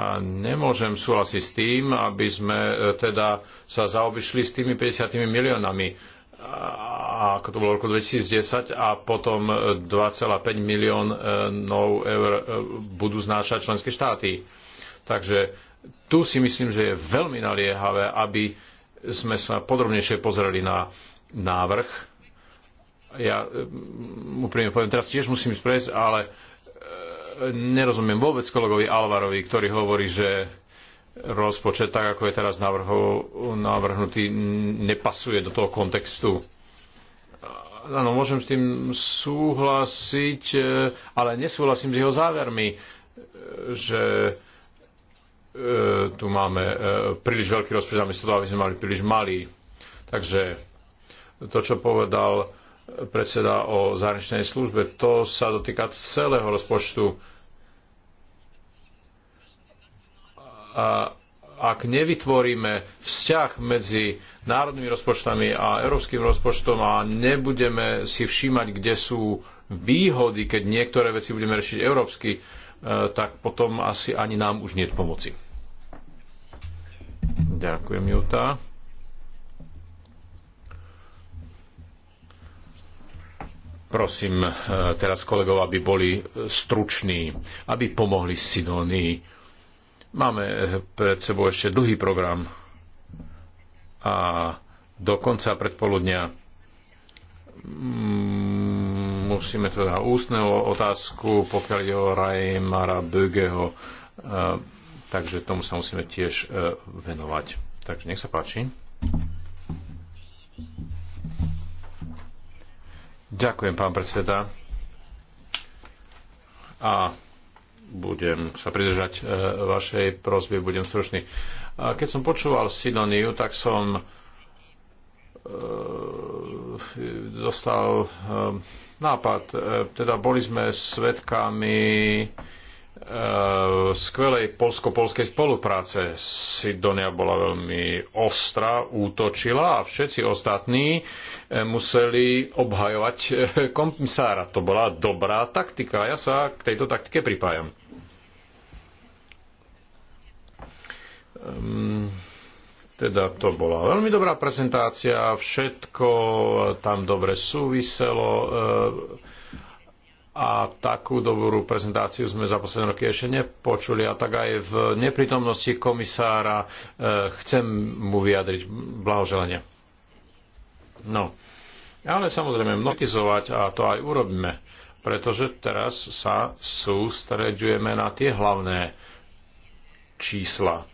A nemôžem súhlasiť s tým, aby sme e, teda sa zaobišli s tými 50 miliónami a ako to bolo v roku 2010 a potom 2,5 e, miliónov eur e, budú znášať členské štáty. Takže tu si myslím, že je veľmi naliehavé, aby sme sa podrobnejšie pozreli na návrh. Ja úprimne poviem, teraz tiež musím ísť ale nerozumiem vôbec kolegovi Alvarovi, ktorý hovorí, že rozpočet, tak ako je teraz navrhu, navrhnutý, nepasuje do toho kontextu. Áno, môžem s tým súhlasiť, e, ale nesúhlasím s jeho závermi, e, že e, tu máme príliš veľký rozpočet, namiesto toho, aby sme mali príliš malý. Takže to, čo povedal predseda o zahraničnej službe. To sa dotýka celého rozpočtu. A ak nevytvoríme vzťah medzi národnými rozpočtami a európskym rozpočtom a nebudeme si všímať, kde sú výhody, keď niektoré veci budeme riešiť európsky, e, tak potom asi ani nám už nie je pomoci. Ďakujem, Prosím eh, teraz kolegov, aby boli struční, aby pomohli Sidonii. Máme eh, pred sebou ešte dlhý program a do konca predpoludnia mm, musíme teda ústneho otázku, pokiaľ je o Rajmara Bögeho, eh, takže tomu sa musíme tiež venovať. Takže nech sa páči. Ďakujem, pán predseda. A budem sa pridržať e, vašej prosby, budem stručný. keď som počúval synoniu, tak som e, dostal e, nápad. Teda boli sme svetkami Eh, skvelej polsko-polskej spolupráce. Sidonia bola veľmi ostrá, útočila a všetci ostatní eh, museli obhajovať eh, komisára. To bola dobrá taktika a ja sa k tejto taktike pripájam. Ehm, teda to bola veľmi dobrá prezentácia, všetko tam dobre súviselo a takú dobrú prezentáciu sme za posledné roky ešte nepočuli a tak aj v neprítomnosti komisára e, chcem mu vyjadriť blahoželanie. No, ale samozrejme mnotizovať a to aj urobíme, pretože teraz sa sústreďujeme na tie hlavné čísla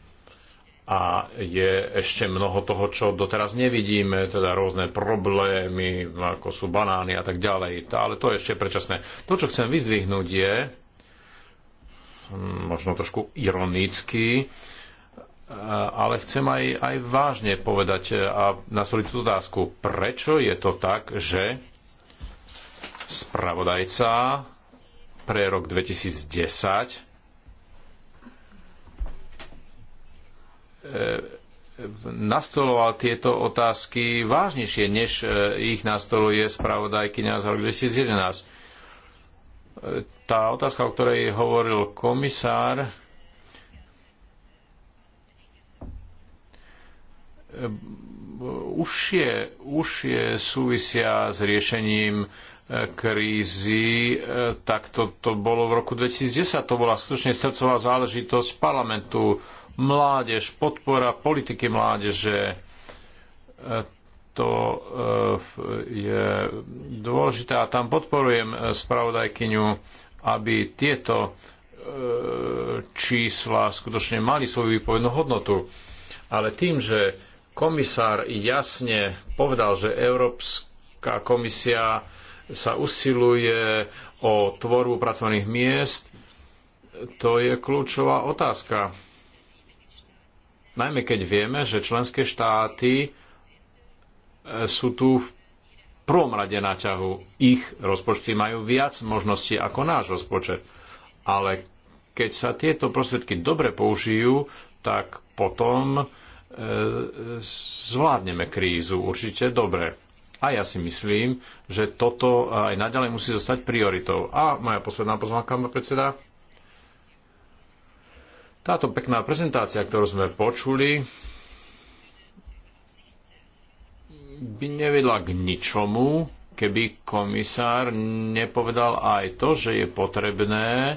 a je ešte mnoho toho, čo doteraz nevidíme, teda rôzne problémy, ako sú banány a tak ďalej. Ale to je ešte predčasné. To, čo chcem vyzdvihnúť, je hm, možno trošku ironicky, eh, ale chcem aj, aj vážne povedať eh, a nasoliť tú otázku, prečo je to tak, že spravodajca pre rok 2010 E, nastoloval tieto otázky vážnejšie, než e, ich nastoluje spravodajkyňa z roku 2011. Tá otázka, o ktorej hovoril komisár, e, Už je súvisia s riešením krízy, tak to, to bolo v roku 2010, to bola skutočne srdcová záležitosť parlamentu mládež, podpora politiky mládeže, e, to e, je dôležité a tam podporujem e, spravodajkyňu, aby tieto čísla skutočne mali svoju výpovednú hodnotu. Ale tým, že komisár jasne povedal, že Európska komisia sa usiluje o tvorbu pracovných miest, to je kľúčová otázka najmä keď vieme, že členské štáty e, sú tu v prvom rade na ťahu. Ich rozpočty majú viac možností ako náš rozpočet. Ale keď sa tieto prostriedky dobre použijú, tak potom e, zvládneme krízu určite dobre. A ja si myslím, že toto aj naďalej musí zostať prioritou. A moja posledná poznámka, pán predseda, táto pekná prezentácia, ktorú sme počuli, by nevedla k ničomu, keby komisár nepovedal aj to, že je potrebné e,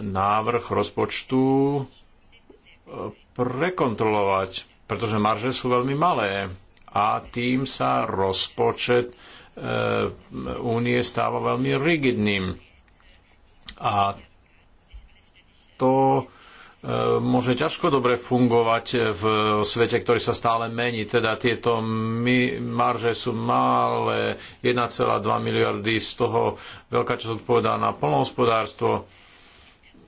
návrh rozpočtu e, prekontrolovať, pretože marže sú veľmi malé a tým sa rozpočet e, únie stáva veľmi rigidným. A to eh, môže ťažko dobre fungovať v svete, ktorý sa stále mení. Teda tieto marže sú malé, 1,2 miliardy, z toho veľká časť odpovedá na polnohospodárstvo.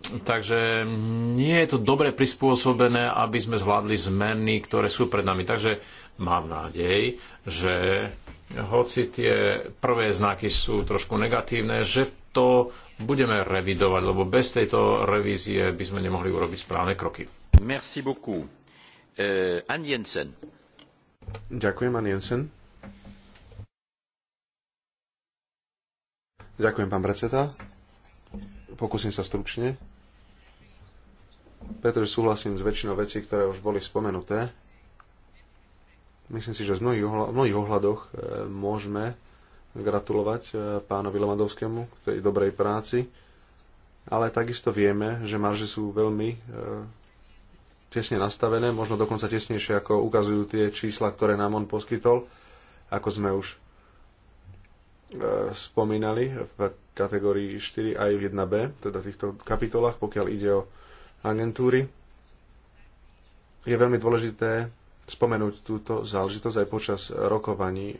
Takže nie je to dobre prispôsobené, aby sme zvládli zmeny, ktoré sú pred nami. Takže mám nádej, že hoci tie prvé znaky sú trošku negatívne, že to budeme revidovať, lebo bez tejto revízie by sme nemohli urobiť správne kroky. Merci beaucoup. Uh, eh, Ann Jensen. Ďakujem, Ann Jensen. Ďakujem, pán predseda. Pokúsim sa stručne, pretože súhlasím s väčšinou vecí, ktoré už boli spomenuté Myslím si, že v mnohých, ohľa, mnohých ohľadoch e, môžeme gratulovať e, pánovi Lomadovskému k tej dobrej práci, ale takisto vieme, že marže sú veľmi e, tesne nastavené, možno dokonca tesnejšie, ako ukazujú tie čísla, ktoré nám on poskytol, ako sme už spomínali v kategórii 4 aj v 1b, teda v týchto kapitolách, pokiaľ ide o agentúry. Je veľmi dôležité spomenúť túto záležitosť aj počas rokovaní.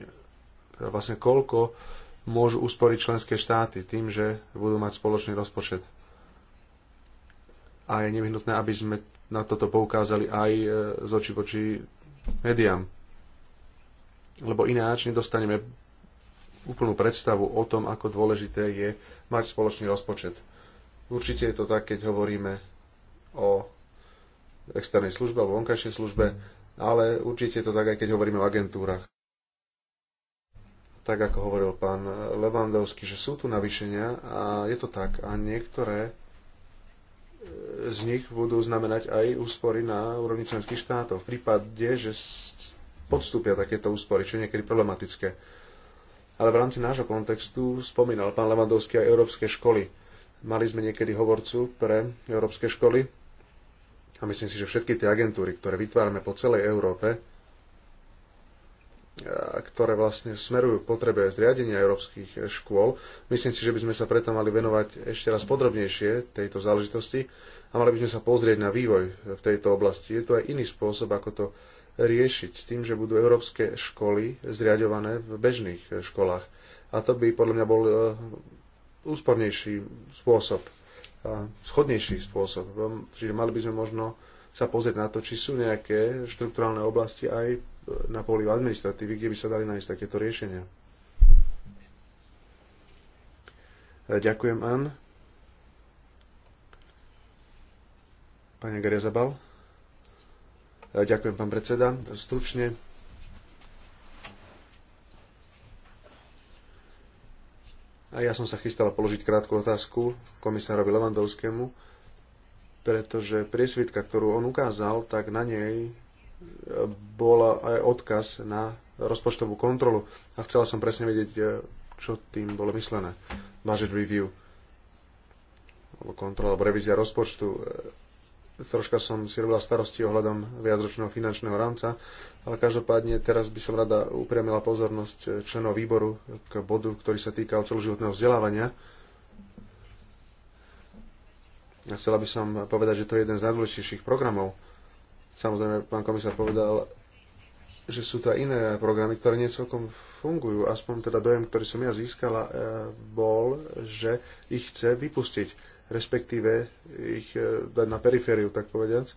Teda vlastne koľko môžu usporiť členské štáty tým, že budú mať spoločný rozpočet. A je nevyhnutné, aby sme na toto poukázali aj e, z oči voči médiám. Lebo ináč nedostaneme úplnú predstavu o tom, ako dôležité je mať spoločný rozpočet. Určite je to tak, keď hovoríme o externej službe alebo vonkajšej službe, ale určite je to tak, aj keď hovoríme o agentúrach. Tak ako hovoril pán Levandovský, že sú tu navýšenia a je to tak. A niektoré e, z nich budú znamenať aj úspory na úrovni členských štátov. V prípade, že podstúpia takéto úspory, čo je niekedy problematické. Ale v rámci nášho kontextu spomínal pán Levandovský aj európske školy. Mali sme niekedy hovorcu pre európske školy, a myslím si, že všetky tie agentúry, ktoré vytvárame po celej Európe, ktoré vlastne smerujú k potrebe zriadenia európskych škôl. Myslím si, že by sme sa preto mali venovať ešte raz podrobnejšie tejto záležitosti a mali by sme sa pozrieť na vývoj v tejto oblasti. Je to aj iný spôsob, ako to riešiť tým, že budú európske školy zriadované v bežných školách. A to by podľa mňa bol e, úspornejší spôsob schodnejší spôsob. Čiže mali by sme možno sa pozrieť na to, či sú nejaké štrukturálne oblasti aj na poli administratívy, kde by sa dali nájsť takéto riešenia. E, ďakujem, Ann. Pane Garia Zabal. E, ďakujem, pán predseda. Stručne A ja som sa chystal položiť krátku otázku komisárovi Levandovskému, pretože priesvitka, ktorú on ukázal, tak na nej bol aj odkaz na rozpočtovú kontrolu a chcela som presne vedieť, e, čo tým bolo myslené. Budget review, alebo kontrola, alebo revízia rozpočtu troška som si robila starosti ohľadom viacročného finančného rámca, ale každopádne teraz by som rada upriamila pozornosť členov výboru k bodu, ktorý sa týkal celoživotného vzdelávania. Ja chcela by som povedať, že to je jeden z najdôležitejších programov. Samozrejme, pán komisár povedal, že sú to iné programy, ktoré nie celkom fungujú. Aspoň teda dojem, ktorý som ja získala, eh, bol, že ich chce vypustiť respektíve ich e, dať na perifériu, tak povediac.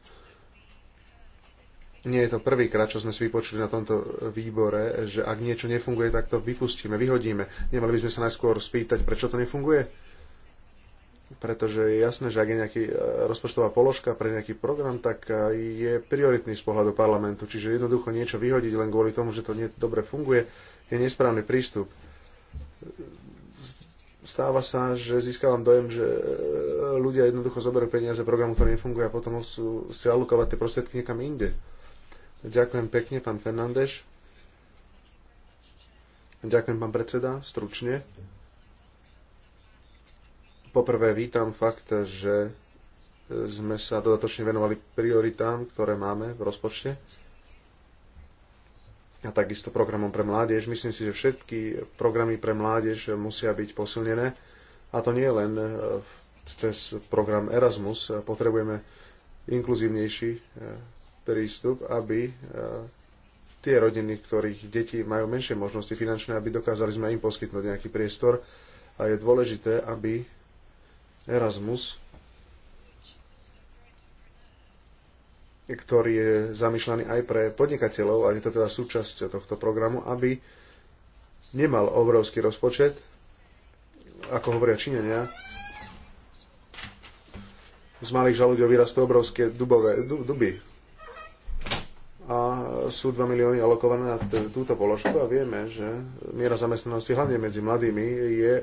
Nie je to prvýkrát, čo sme si vypočuli na tomto výbore, že ak niečo nefunguje, tak to vypustíme, vyhodíme. Nemali by sme sa najskôr spýtať, prečo to nefunguje? Pretože je jasné, že ak je nejaký e, rozpočtová položka pre nejaký program, tak e, je prioritný z pohľadu parlamentu. Čiže jednoducho niečo vyhodiť len kvôli tomu, že to nie dobre funguje, je nesprávny prístup stáva sa, že získavam dojem, že e, ľudia jednoducho zoberú peniaze programu, ktorý nefunguje a potom chcú si alukovať tie prostriedky niekam inde. Ďakujem pekne, pán Fernández. Ďakujem, pán predseda, stručne. Poprvé vítam fakt, že e, sme sa dodatočne venovali prioritám, ktoré máme v rozpočte a takisto programom pre mládež. Myslím si, že všetky programy pre mládež musia byť posilnené a to nie len e, cez program Erasmus. Potrebujeme inkluzívnejší e, prístup, aby e, tie rodiny, ktorých deti majú menšie možnosti finančné, aby dokázali sme im poskytnúť nejaký priestor. A je dôležité, aby Erasmus ktorý je zamýšľaný aj pre podnikateľov, a je to teda súčasť tohto programu, aby nemal obrovský rozpočet, ako hovoria Číňania, z malých žalúďov vyrastú obrovské dubové, du, duby. A sú 2 milióny alokované na túto položku a vieme, že miera zamestnanosti, hlavne medzi mladými, je...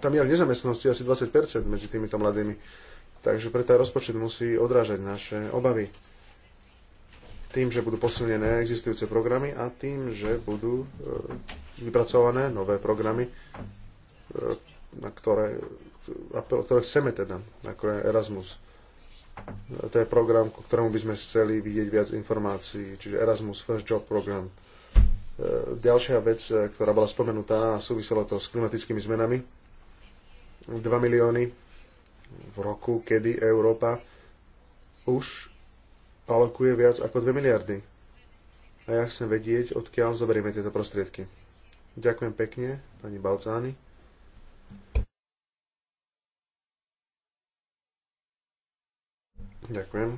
Tá miera nezamestnanosti je asi 20% medzi týmito mladými Takže preto aj rozpočet musí odrážať naše obavy. Tým, že budú posilnené existujúce programy a tým, že budú e, vypracované nové programy, e, na ktoré, ktoré chceme teda, ako je Erasmus. E, to je program, ku ktorému by sme chceli vidieť viac informácií, čiže Erasmus First Job Program. Ďalšia vec, ktorá bola spomenutá, súviselo to s klimatickými zmenami. 2 milióny v roku, kedy Európa už alokuje viac ako 2 miliardy. A ja chcem vedieť, odkiaľ zoberieme tieto prostriedky. Ďakujem pekne, pani Balcány. Ďakujem.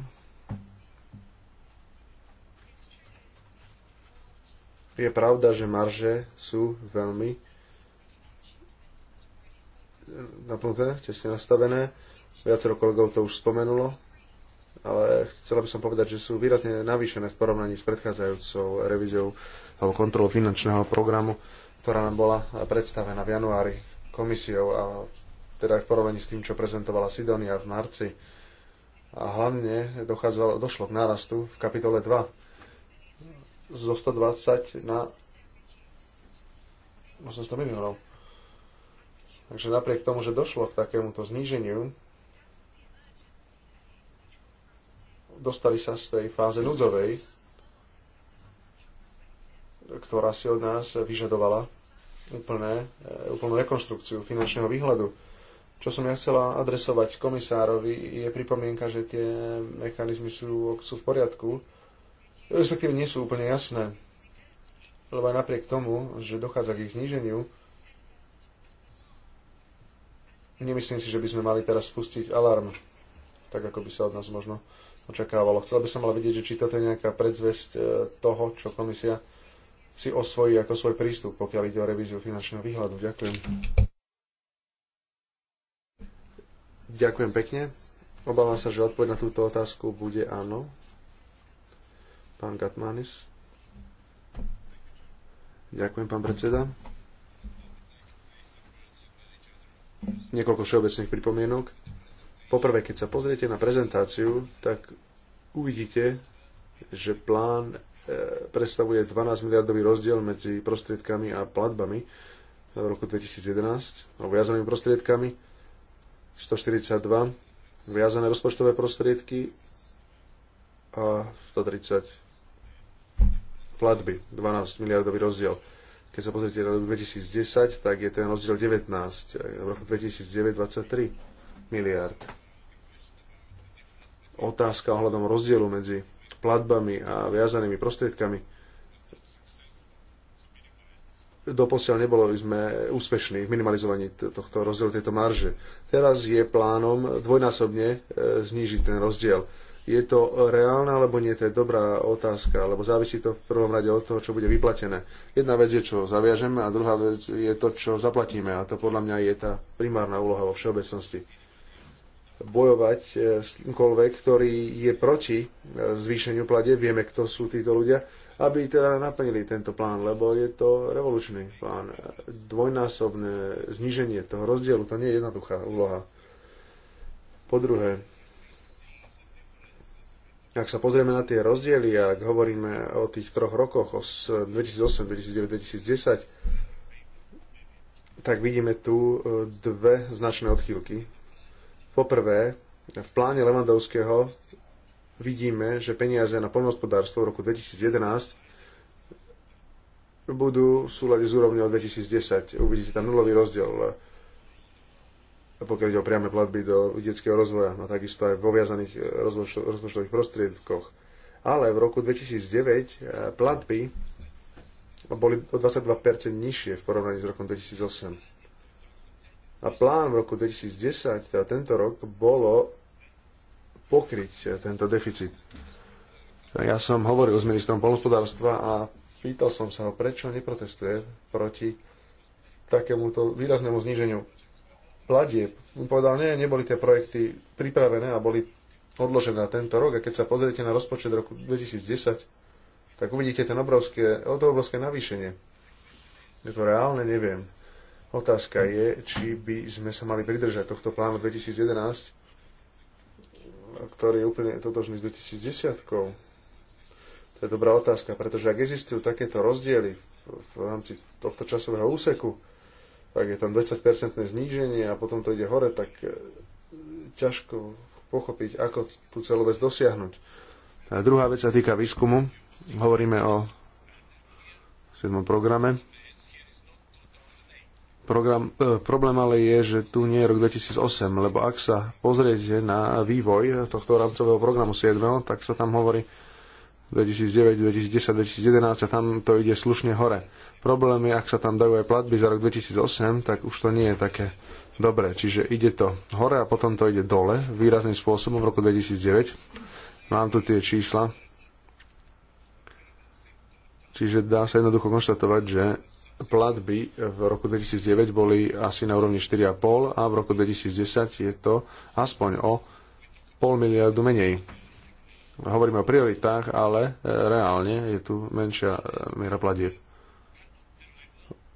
Je pravda, že marže sú veľmi napnuté, tesne nastavené. Viacero kolegov to už spomenulo, ale chcela by som povedať, že sú výrazne navýšené v porovnaní s predchádzajúcou revíziou alebo kontrolou finančného programu, ktorá nám bola predstavená v januári komisiou a teda aj v porovnaní s tým, čo prezentovala Sidonia v marci. A hlavne dochádzalo, došlo k nárastu v kapitole 2 zo 120 na 800 miliónov Takže napriek tomu, že došlo k takémuto zníženiu, dostali sa z tej fáze núdzovej, ktorá si od nás vyžadovala úplné, e, úplnú rekonstrukciu finančného výhľadu. Čo som ja chcela adresovať komisárovi, je pripomienka, že tie mechanizmy sú, sú v poriadku, respektíve nie sú úplne jasné. Lebo aj napriek tomu, že dochádza k ich zníženiu, Nemyslím si, že by sme mali teraz spustiť alarm, tak ako by sa od nás možno očakávalo. Chcel by som ale vidieť, že či toto je nejaká predzvesť e, toho, čo komisia si osvojí ako svoj prístup, pokiaľ ide o revíziu finančného výhľadu. Ďakujem. Ďakujem pekne. Obávam sa, že odpoveď na túto otázku bude áno. Pán Gatmanis. Ďakujem, pán predseda. Niekoľko všeobecných pripomienok. Poprvé, keď sa pozriete na prezentáciu, tak uvidíte, že plán e, predstavuje 12 miliardový rozdiel medzi prostriedkami a platbami v roku 2011, alebo viazanými prostriedkami, 142 viazané rozpočtové prostriedky a 130 platby, 12 miliardový rozdiel. Keď sa pozrite na rok 2010, tak je ten rozdiel 19, v roku 2009 23 miliard. Otázka ohľadom rozdielu medzi platbami a viazanými prostriedkami doposiaľ nebolo sme úspešní v minimalizovaní tohto rozdielu, tejto marže. Teraz je plánom dvojnásobne e, znížiť ten rozdiel. Je to reálne alebo nie, to je dobrá otázka, lebo závisí to v prvom rade od toho, čo bude vyplatené. Jedna vec je, čo zaviažeme a druhá vec je to, čo zaplatíme a to podľa mňa je tá primárna úloha vo všeobecnosti. Bojovať e, s kýmkoľvek, ktorý je proti e, zvýšeniu plade, vieme, kto sú títo ľudia, aby teda naplnili tento plán, lebo je to revolučný plán. Dvojnásobné zníženie toho rozdielu, to nie je jednoduchá úloha. Po druhé, ak sa pozrieme na tie rozdiely, ak hovoríme o tých troch rokoch, o 2008, 2009, 2010, tak vidíme tu e, dve značné odchýlky. Poprvé, v pláne Levandovského vidíme, že peniaze na poľnohospodárstvo v roku 2011 budú v súlade s od 2010. Uvidíte tam nulový rozdiel pokiaľ ide o priame platby do detského rozvoja No takisto aj vo viazaných eh, rozpočtových prostriedkoch. Ale v roku 2009 eh, platby boli o 22% nižšie v porovnaní s rokom 2008. A plán v roku 2010, teda tento rok, bolo pokryť eh, tento deficit. Ja som hovoril s ministrom polnospodárstva a pýtal som sa ho, prečo neprotestuje proti takémuto výraznému zníženiu platieb. Povedal, nie, neboli tie projekty pripravené a boli odložené na tento rok. A keď sa pozriete na rozpočet roku 2010, tak uvidíte ten obrovské, to obrovské navýšenie. Je to reálne, neviem. Otázka je, či by sme sa mali pridržať tohto plánu 2011, ktorý je úplne totožný s 2010. To je dobrá otázka, pretože ak existujú takéto rozdiely v rámci tohto časového úseku, ak je tam 20 zníženie a potom to ide hore, tak e, ťažko pochopiť, ako tú celú vec dosiahnuť. A druhá vec sa týka výskumu. Hovoríme o 7. programe. Program, eh, problém ale je, že tu nie je rok 2008, lebo ak sa pozriete na vývoj tohto rámcového programu 7., tak sa tam hovorí, 2009, 2010, 2011 a tam to ide slušne hore. Problém je, ak sa tam dajú aj platby za rok 2008, tak už to nie je také dobré. Čiže ide to hore a potom to ide dole výrazným spôsobom v roku 2009. Mám tu tie čísla. Čiže dá sa jednoducho konštatovať, že platby v roku 2009 boli asi na úrovni 4,5 a v roku 2010 je to aspoň o pol miliardu menej Hovoríme o prioritách, ale e, reálne je tu menšia e, miera platieb.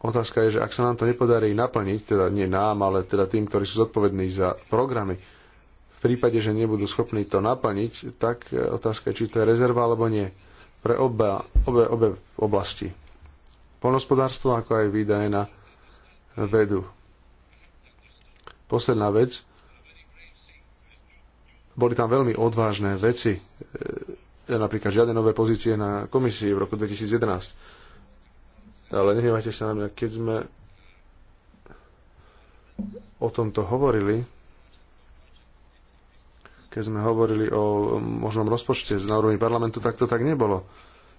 Otázka je, že ak sa nám to nepodarí naplniť, teda nie nám, ale teda tým, ktorí sú zodpovední za programy, v prípade, že nebudú schopní to naplniť, tak e, otázka je, či to je rezerva alebo nie. Pre oba, obe, obe oblasti. Polnospodárstvo, ako aj výdaje na vedu. Posledná vec, boli tam veľmi odvážne veci, e, napríklad žiadne nové pozície na komisii v roku 2011. Ale nehnevajte sa na mňa, keď sme o tomto hovorili, keď sme hovorili o možnom rozpočte z úrovni parlamentu, tak to tak nebolo.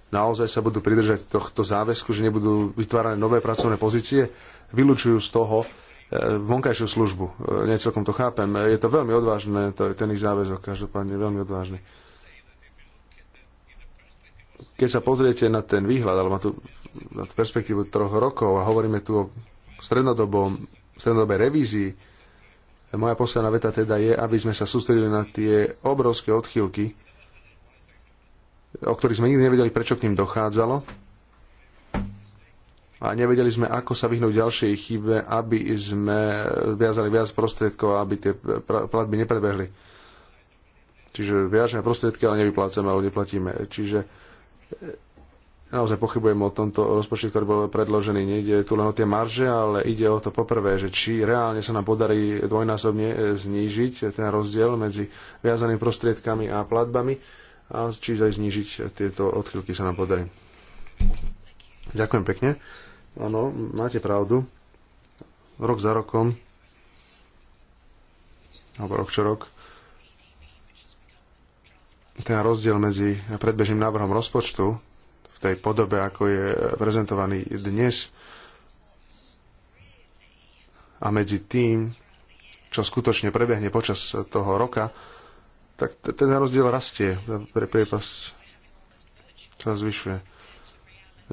Naozaj sa budú pridržať tohto záväzku, že nebudú vytvárané nové pracovné pozície, vylúčujú z toho vonkajšiu službu. E, Necelkom to chápem. E, je to veľmi odvážne, to je ten ich záväzok, každopádne veľmi odvážny. Keď sa pozriete na ten výhľad, alebo na tú, na tú perspektívu troch rokov a hovoríme tu o strednodobom, strednodobej revízii, moja posledná veta teda je, aby sme sa sústredili na tie obrovské odchýlky, o ktorých sme nikdy nevedeli, prečo k ním dochádzalo a nevedeli sme, ako sa vyhnúť ďalšej chybe, aby sme viazali viac prostriedkov, aby tie platby neprebehli. Čiže viažme prostriedky, ale nevyplácame, alebo neplatíme. Čiže e, naozaj pochybujem o tomto rozpočte, ktorý bol predložený. Nejde tu len o tie marže, ale ide o to poprvé, že či reálne sa nám podarí dvojnásobne e, znížiť ten rozdiel medzi viazanými prostriedkami a platbami a či aj znížiť tieto odchylky sa nám podarí. Ďakujem pekne. Áno, máte pravdu. Rok za rokom, alebo rok čo rok, ten rozdiel medzi predbežným návrhom rozpočtu v tej podobe, ako je prezentovaný dnes, a medzi tým, čo skutočne prebehne počas toho roka, tak ten rozdiel rastie, priepas sa zvyšuje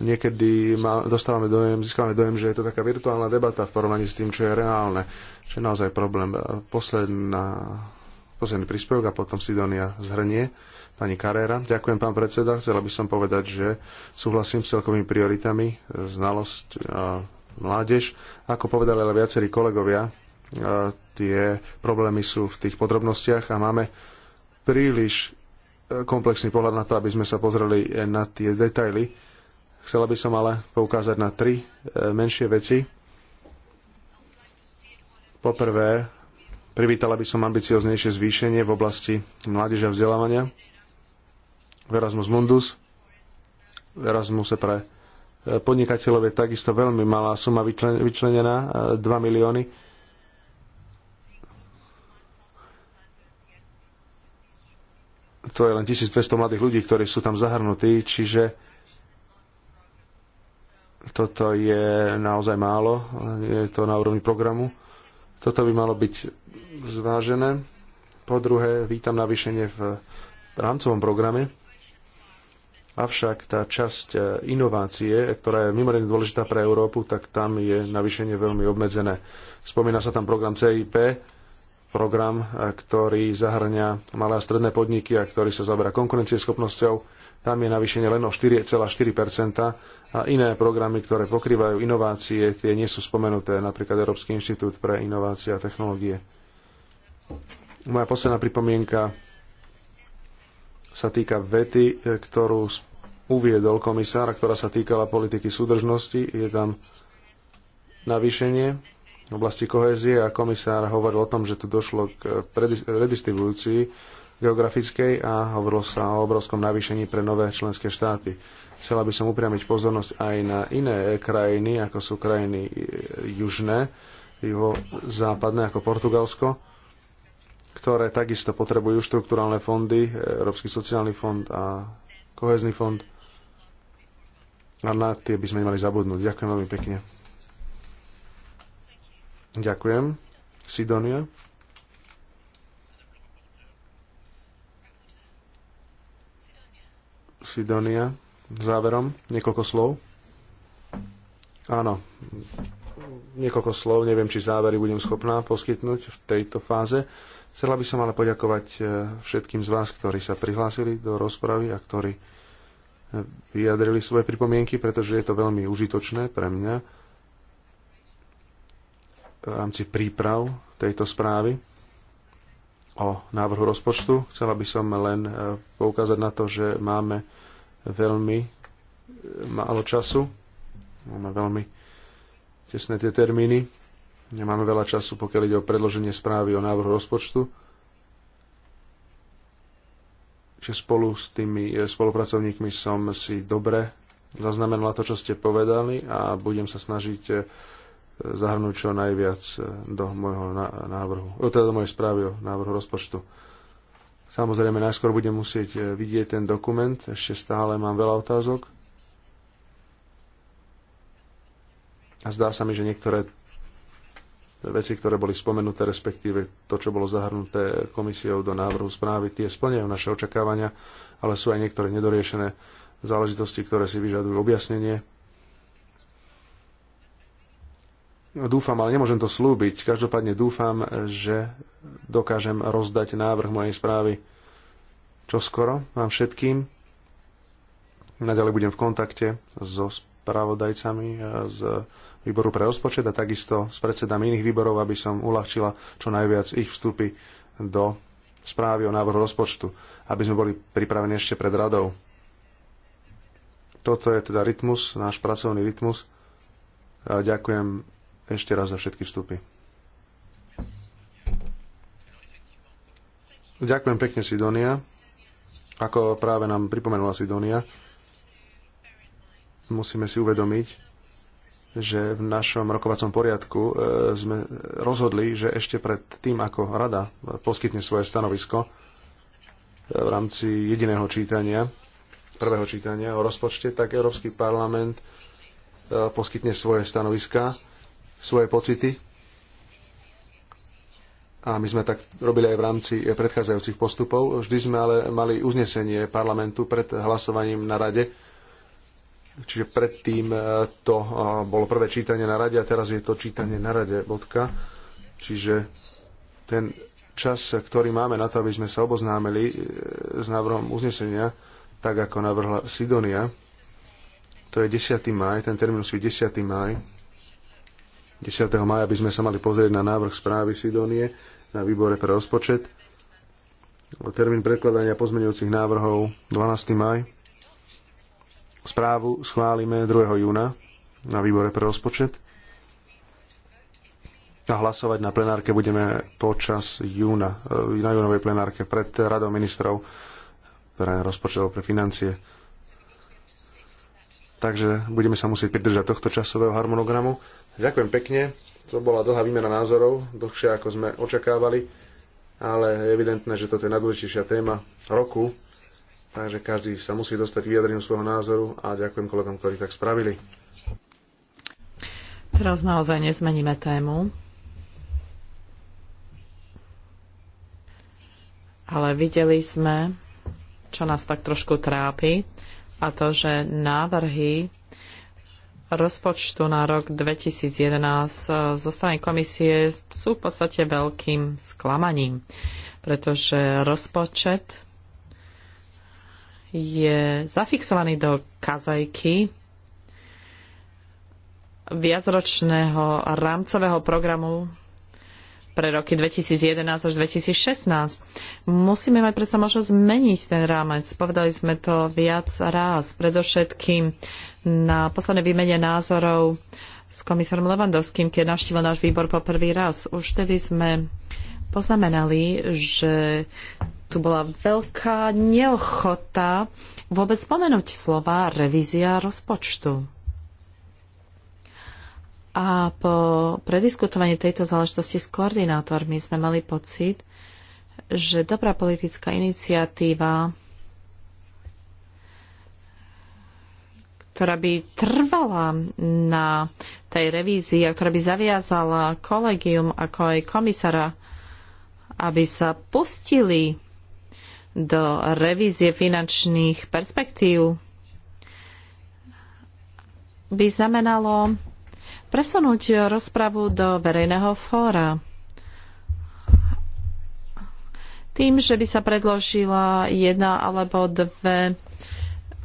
niekedy dostávame dojem, získame dojem, že je to taká virtuálna debata v porovnaní s tým, čo je reálne, čo je naozaj problém. Posledná, posledný príspevok a potom Sidonia zhrnie. Pani Carrera, ďakujem pán predseda. Chcela by som povedať, že súhlasím s celkovými prioritami, znalosť a e, mládež. Ako povedali ale viacerí kolegovia, e, tie problémy sú v tých podrobnostiach a máme príliš e, komplexný pohľad na to, aby sme sa pozreli na tie detaily Chcela by som ale poukázať na tri e, menšie veci. Poprvé, privítala by som ambicioznejšie zvýšenie v oblasti mládeže a vzdelávania. Erasmus Mundus. Erasmuse pre e, podnikateľov je takisto veľmi malá suma vyčlenená, 2 e, milióny. To je len 1200 mladých ľudí, ktorí sú tam zahrnutí, čiže toto je naozaj málo, je to na úrovni programu. Toto by malo byť zvážené. Po druhé, vítam navýšenie v rámcovom programe. Avšak tá časť e, inovácie, ktorá je mimoriadne dôležitá pre Európu, tak tam je navýšenie veľmi obmedzené. Spomína sa tam program CIP, program, eh, ktorý zahrňa malé a stredné podniky a ktorý sa zaberá konkurencieschopnosťou. Tam je navýšenie len o 4,4 a iné programy, ktoré pokrývajú inovácie, tie nie sú spomenuté, napríklad Európsky inštitút pre inovácie a technológie. Moja posledná pripomienka sa týka vety, eh, ktorú uviedol komisár, ktorá sa týkala politiky súdržnosti. Je tam navýšenie v oblasti kohézie a komisár hovoril o tom, že tu došlo k eh, redistribúcii geografickej a hovorilo sa o obrovskom navýšení pre nové členské štáty. Chcela by som upriamiť pozornosť aj na iné eh, krajiny, ako sú krajiny eh, južné, juhozápadné, ako Portugalsko, ktoré takisto potrebujú štruktúralne fondy, Európsky sociálny fond a kohezný fond. A na tie by sme nemali zabudnúť. Ďakujem veľmi pekne. Ďakujem. Sidonia. Sidonia. Záverom niekoľko slov. Áno, niekoľko slov, neviem, či závery budem schopná poskytnúť v tejto fáze. Chcela by som ale poďakovať e, všetkým z vás, ktorí sa prihlásili do rozpravy a ktorí e, vyjadrili svoje pripomienky, pretože je to veľmi užitočné pre mňa v rámci príprav tejto správy o návrhu rozpočtu. Chcela by som len e, poukázať na to, že máme veľmi e, málo času, máme veľmi tesné tie termíny, nemáme veľa času, pokiaľ ide o predloženie správy o návrhu rozpočtu. Čiže spolu s tými e, spolupracovníkmi som si dobre zaznamenala to, čo ste povedali a budem sa snažiť zahrnúť čo najviac e, do môjho návrhu, e, teda do mojej správy o návrhu rozpočtu. Samozrejme, najskôr budem musieť e, vidieť ten dokument, ešte stále mám veľa otázok. A zdá sa mi, že niektoré veci, ktoré boli spomenuté, respektíve to, čo bolo zahrnuté komisiou do návrhu správy, tie splňajú naše očakávania, ale sú aj niektoré nedoriešené záležitosti, ktoré si vyžadujú objasnenie No, dúfam, ale nemôžem to slúbiť. Každopádne dúfam, že dokážem rozdať návrh mojej správy čoskoro vám všetkým. Naďalej budem v kontakte so spravodajcami e, z výboru pre rozpočet a takisto s predsedami iných výborov, aby som uľahčila čo najviac ich vstupy do správy o návrhu rozpočtu, aby sme boli pripravení ešte pred radou. Toto je teda rytmus, náš pracovný rytmus. E, ďakujem ešte raz za všetky vstupy. Ďakujem pekne, Sidonia. Ako práve nám pripomenula Sidonia, musíme si uvedomiť, že v našom rokovacom poriadku e, sme rozhodli, že ešte pred tým, ako rada poskytne svoje stanovisko e, v rámci jediného čítania, prvého čítania o rozpočte, tak Európsky parlament e, poskytne svoje stanoviska svoje pocity. A my sme tak robili aj v rámci predchádzajúcich postupov. Vždy sme ale mali uznesenie parlamentu pred hlasovaním na rade. Čiže predtým e, to e, bolo prvé čítanie na rade a teraz je to čítanie na rade bodka. Čiže ten čas, ktorý máme na to, aby sme sa oboznámili e, s návrhom uznesenia, tak ako navrhla Sidonia, to je 10. maj, ten termín je 10. maj 10. maja by sme sa mali pozrieť na návrh správy Sidonie na výbore pre rozpočet. Termín prekladania pozmeňujúcich návrhov 12. maj. Správu schválime 2. júna na výbore pre rozpočet. A hlasovať na plenárke budeme počas júna, e, na júnovej plenárke pred Radou ministrov pre rozpočet pre financie takže budeme sa musieť pridržať tohto časového harmonogramu. Ďakujem pekne, to bola dlhá výmena názorov, dlhšia ako sme očakávali, ale je evidentné, že toto je najdôležitejšia téma roku, takže každý sa musí dostať k vyjadreniu svojho názoru a ďakujem kolegom, ktorí tak spravili. Teraz naozaj nezmeníme tému. Ale videli sme, čo nás tak trošku trápi a to, že návrhy rozpočtu na rok 2011 zo strany komisie sú v podstate veľkým sklamaním, pretože rozpočet je zafixovaný do kazajky viacročného rámcového programu pre roky 2011 až 2016. Musíme mať predsa možnosť zmeniť ten rámec. Povedali sme to viac raz, Predovšetkým na poslednej výmene názorov s komisárom Levandovským, keď navštívil náš výbor po prvý raz. Už vtedy sme poznamenali, že tu bola veľká neochota vôbec spomenúť slova revízia rozpočtu. A po prediskutovaní tejto záležitosti s koordinátormi sme mali pocit, že dobrá politická iniciatíva, ktorá by trvala na tej revízii a ktorá by zaviazala kolegium ako aj komisára, aby sa pustili do revízie finančných perspektív, by znamenalo presunúť rozpravu do verejného fóra. Tým, že by sa predložila jedna alebo dve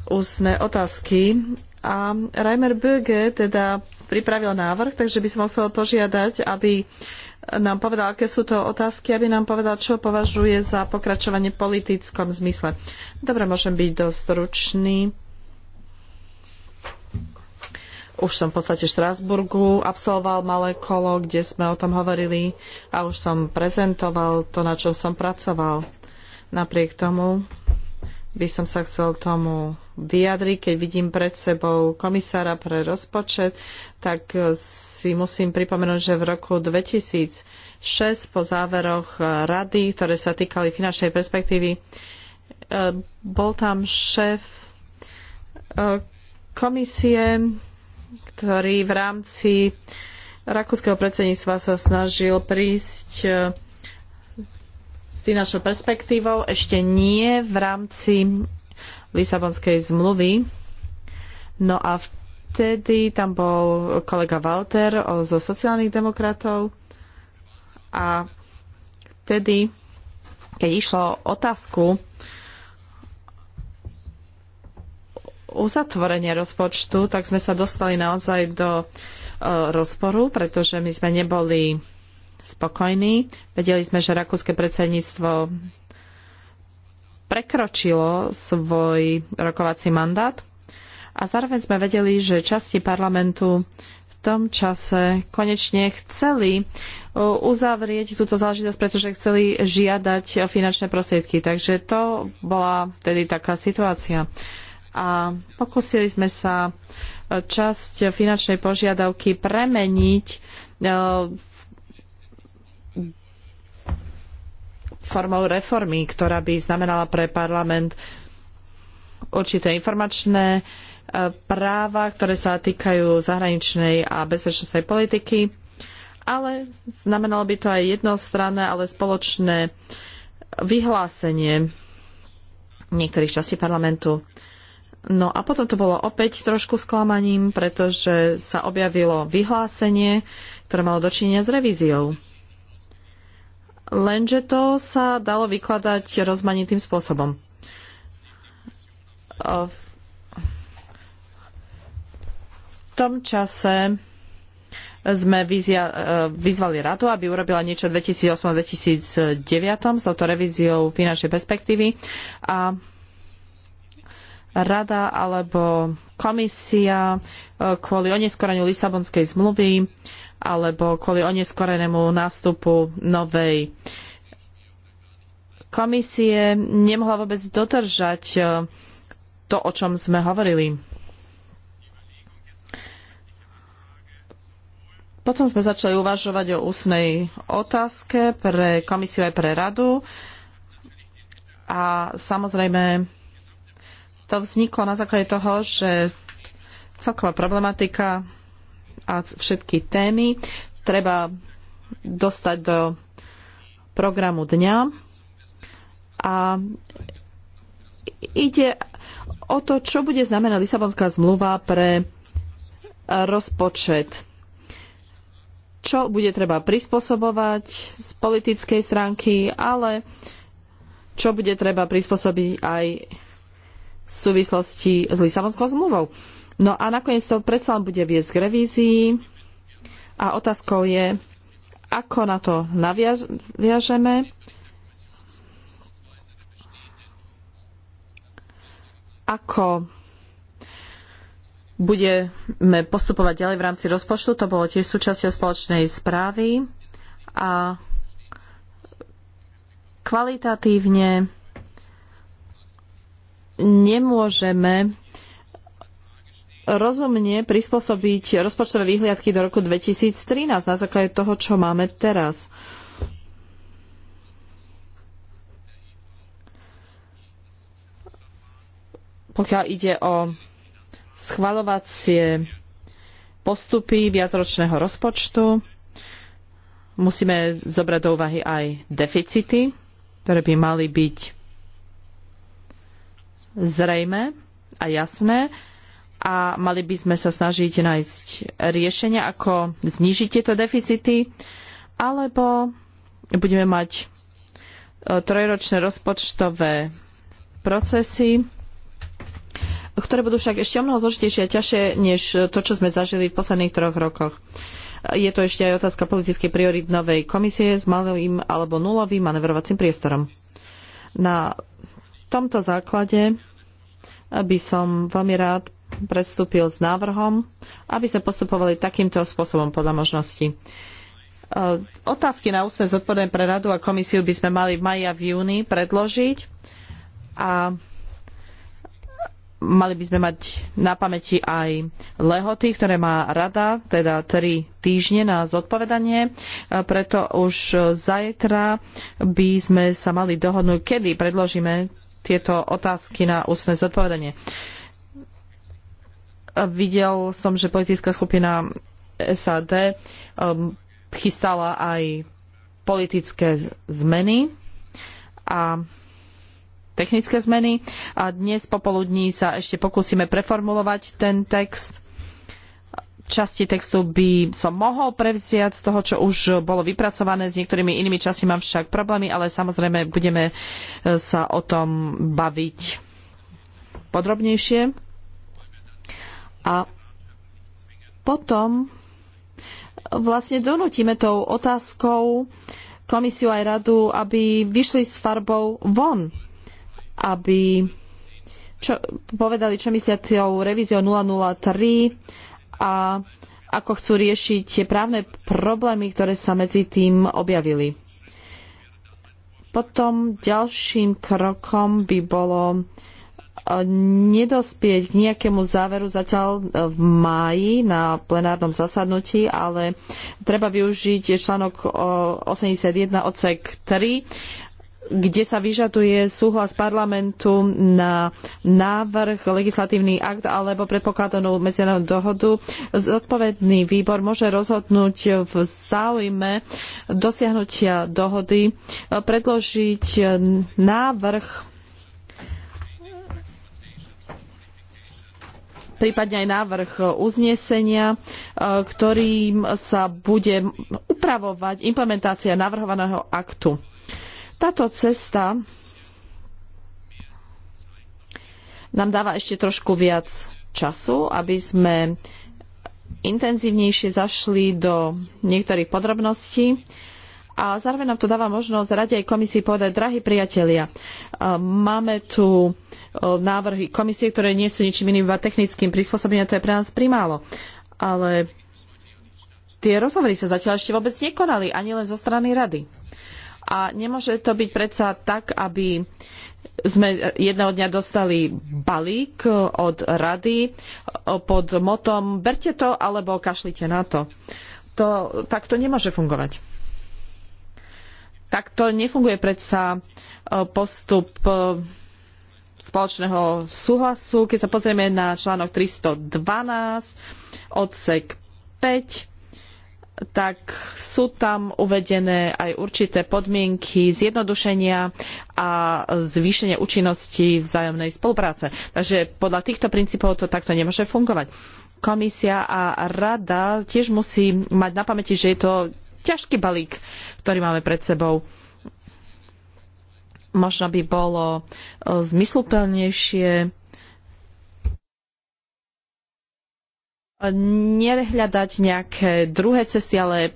ústne otázky. A Reimer Böge teda pripravil návrh, takže by som chcel požiadať, aby nám povedal, aké sú to otázky, aby nám povedal, čo považuje za pokračovanie v politickom zmysle. Dobre, môžem byť dosť ručný už som v podstate v Štrásburgu absolvoval malé kolo, kde sme o tom hovorili a už som prezentoval to, na čom som pracoval. Napriek tomu by som sa chcel tomu vyjadriť, keď vidím pred sebou komisára pre rozpočet, tak si musím pripomenúť, že v roku 2006 po záveroch rady, ktoré sa týkali finančnej perspektívy, eh, bol tam šéf eh, komisie ktorý v rámci rakúskeho predsedníctva sa snažil prísť e, s finančnou perspektívou, ešte nie v rámci Lisabonskej zmluvy. No a vtedy tam bol kolega Walter zo sociálnych demokratov a vtedy, keď išlo o otázku uzatvorenie rozpočtu, tak sme sa dostali naozaj do e, rozporu, pretože my sme neboli spokojní. Vedeli sme, že rakúske predsedníctvo prekročilo svoj rokovací mandát a zároveň sme vedeli, že časti parlamentu v tom čase konečne chceli e, uzavrieť túto záležitosť, pretože chceli žiadať finančné prostriedky. Takže to bola tedy taká situácia. Uh, a pokúsili sme sa e, časť finančnej požiadavky premeniť e, formou reformy, ktorá by znamenala pre parlament určité informačné e, práva, ktoré sa týkajú zahraničnej a bezpečnostnej politiky, ale znamenalo by to aj jednostranné, ale spoločné vyhlásenie niektorých častí parlamentu. No a potom to bolo opäť trošku sklamaním, pretože sa objavilo vyhlásenie, ktoré malo dočinenia s revíziou. Lenže to sa dalo vykladať rozmanitým spôsobom. V tom čase sme e, vyzvali radu, aby urobila niečo v 2008-2009 s touto revíziou finančnej perspektívy a rada alebo komisia e, kvôli oneskoreniu Lisabonskej zmluvy alebo kvôli oneskorenému nástupu novej komisie nemohla vôbec dodržať e, to, o čom sme hovorili. Potom sme začali uvažovať o ústnej otázke pre komisiu aj pre radu. A samozrejme, to vzniklo na základe toho, že celková problematika a všetky témy treba dostať do programu dňa a ide o to, čo bude znamená Lisabonská zmluva pre rozpočet. Čo bude treba prispôsobovať z politickej stránky, ale čo bude treba prispôsobiť aj v súvislosti s Lisabonskou zmluvou. No a nakoniec to predsa len bude viesť k revízii a otázkou je, ako na to naviažeme, ako budeme postupovať ďalej v rámci rozpočtu. To bolo tiež súčasťou spoločnej správy a kvalitatívne nemôžeme rozumne prispôsobiť rozpočtové výhliadky do roku 2013 na základe toho, čo máme teraz. Pokiaľ ide o schvalovacie postupy viacročného rozpočtu, musíme zobrať do úvahy aj deficity, ktoré by mali byť zrejmé a jasné a mali by sme sa snažiť nájsť riešenia, ako znížiť tieto deficity, alebo budeme mať e, trojročné rozpočtové procesy, ktoré budú však ešte o mnoho zložitejšie a ťažšie než to, čo sme zažili v posledných troch rokoch. Je to ešte aj otázka politickej priorit novej komisie s malým alebo nulovým manevrovacím priestorom. Na tomto základe by som veľmi rád predstúpil s návrhom, aby sme postupovali takýmto spôsobom podľa možností. E, otázky na ústne zodpovedné pre radu a komisiu by sme mali v maji a v júni predložiť a mali by sme mať na pamäti aj lehoty, ktoré má rada, teda tri týždne na zodpovedanie. E, preto už zajtra by sme sa mali dohodnúť, kedy predložíme tieto otázky na ústne zodpovedanie. Videl som, že politická skupina SAD ehm, chystala aj politické zmeny a technické zmeny. A dnes popoludní sa ešte pokúsime preformulovať ten text časti textu by som mohol prevziať z toho, čo už bolo vypracované. S niektorými inými časti mám však problémy, ale samozrejme budeme e, sa o tom baviť podrobnejšie. A potom e, vlastne donútime tou otázkou komisiu aj radu, aby vyšli s farbou von, aby čo, povedali, čo myslia tou revíziou 003 a ako chcú riešiť tie právne problémy, ktoré sa medzi tým objavili. Potom ďalším krokom by bolo e, nedospieť k nejakému záveru zatiaľ v máji na plenárnom zasadnutí, ale treba využiť článok 81 odsek 3 kde sa vyžaduje súhlas parlamentu na návrh, legislatívny akt alebo predpokladanú medzinárodnú dohodu. Zodpovedný výbor môže rozhodnúť v záujme dosiahnutia dohody, predložiť návrh prípadne aj návrh uznesenia, ktorým sa bude upravovať implementácia navrhovaného aktu. Táto cesta nám dáva ešte trošku viac času, aby sme intenzívnejšie zašli do niektorých podrobností a zároveň nám to dáva možnosť rade aj komisii povedať, drahí priatelia, máme tu e, návrhy komisie, ktoré nie sú ničím iným iba technickým prispôsobením, to je pre nás primálo. Ale tie rozhovory sa zatiaľ ešte vôbec nekonali, ani len zo strany rady. A nemôže to byť predsa tak, aby sme jedného dňa dostali balík od rady pod motom berte to alebo kašlite na to. to tak to nemôže fungovať. Tak to nefunguje predsa e, postup e, spoločného súhlasu. Keď sa pozrieme na článok 312, odsek 5, tak sú tam uvedené aj určité podmienky zjednodušenia a zvýšenia účinnosti vzájomnej spolupráce. Takže podľa týchto princípov to takto nemôže fungovať. Komisia a rada tiež musí mať na pamäti, že je to ťažký balík, ktorý máme pred sebou. Možno by bolo e, zmysluplnejšie nehľadať nejaké druhé cesty, ale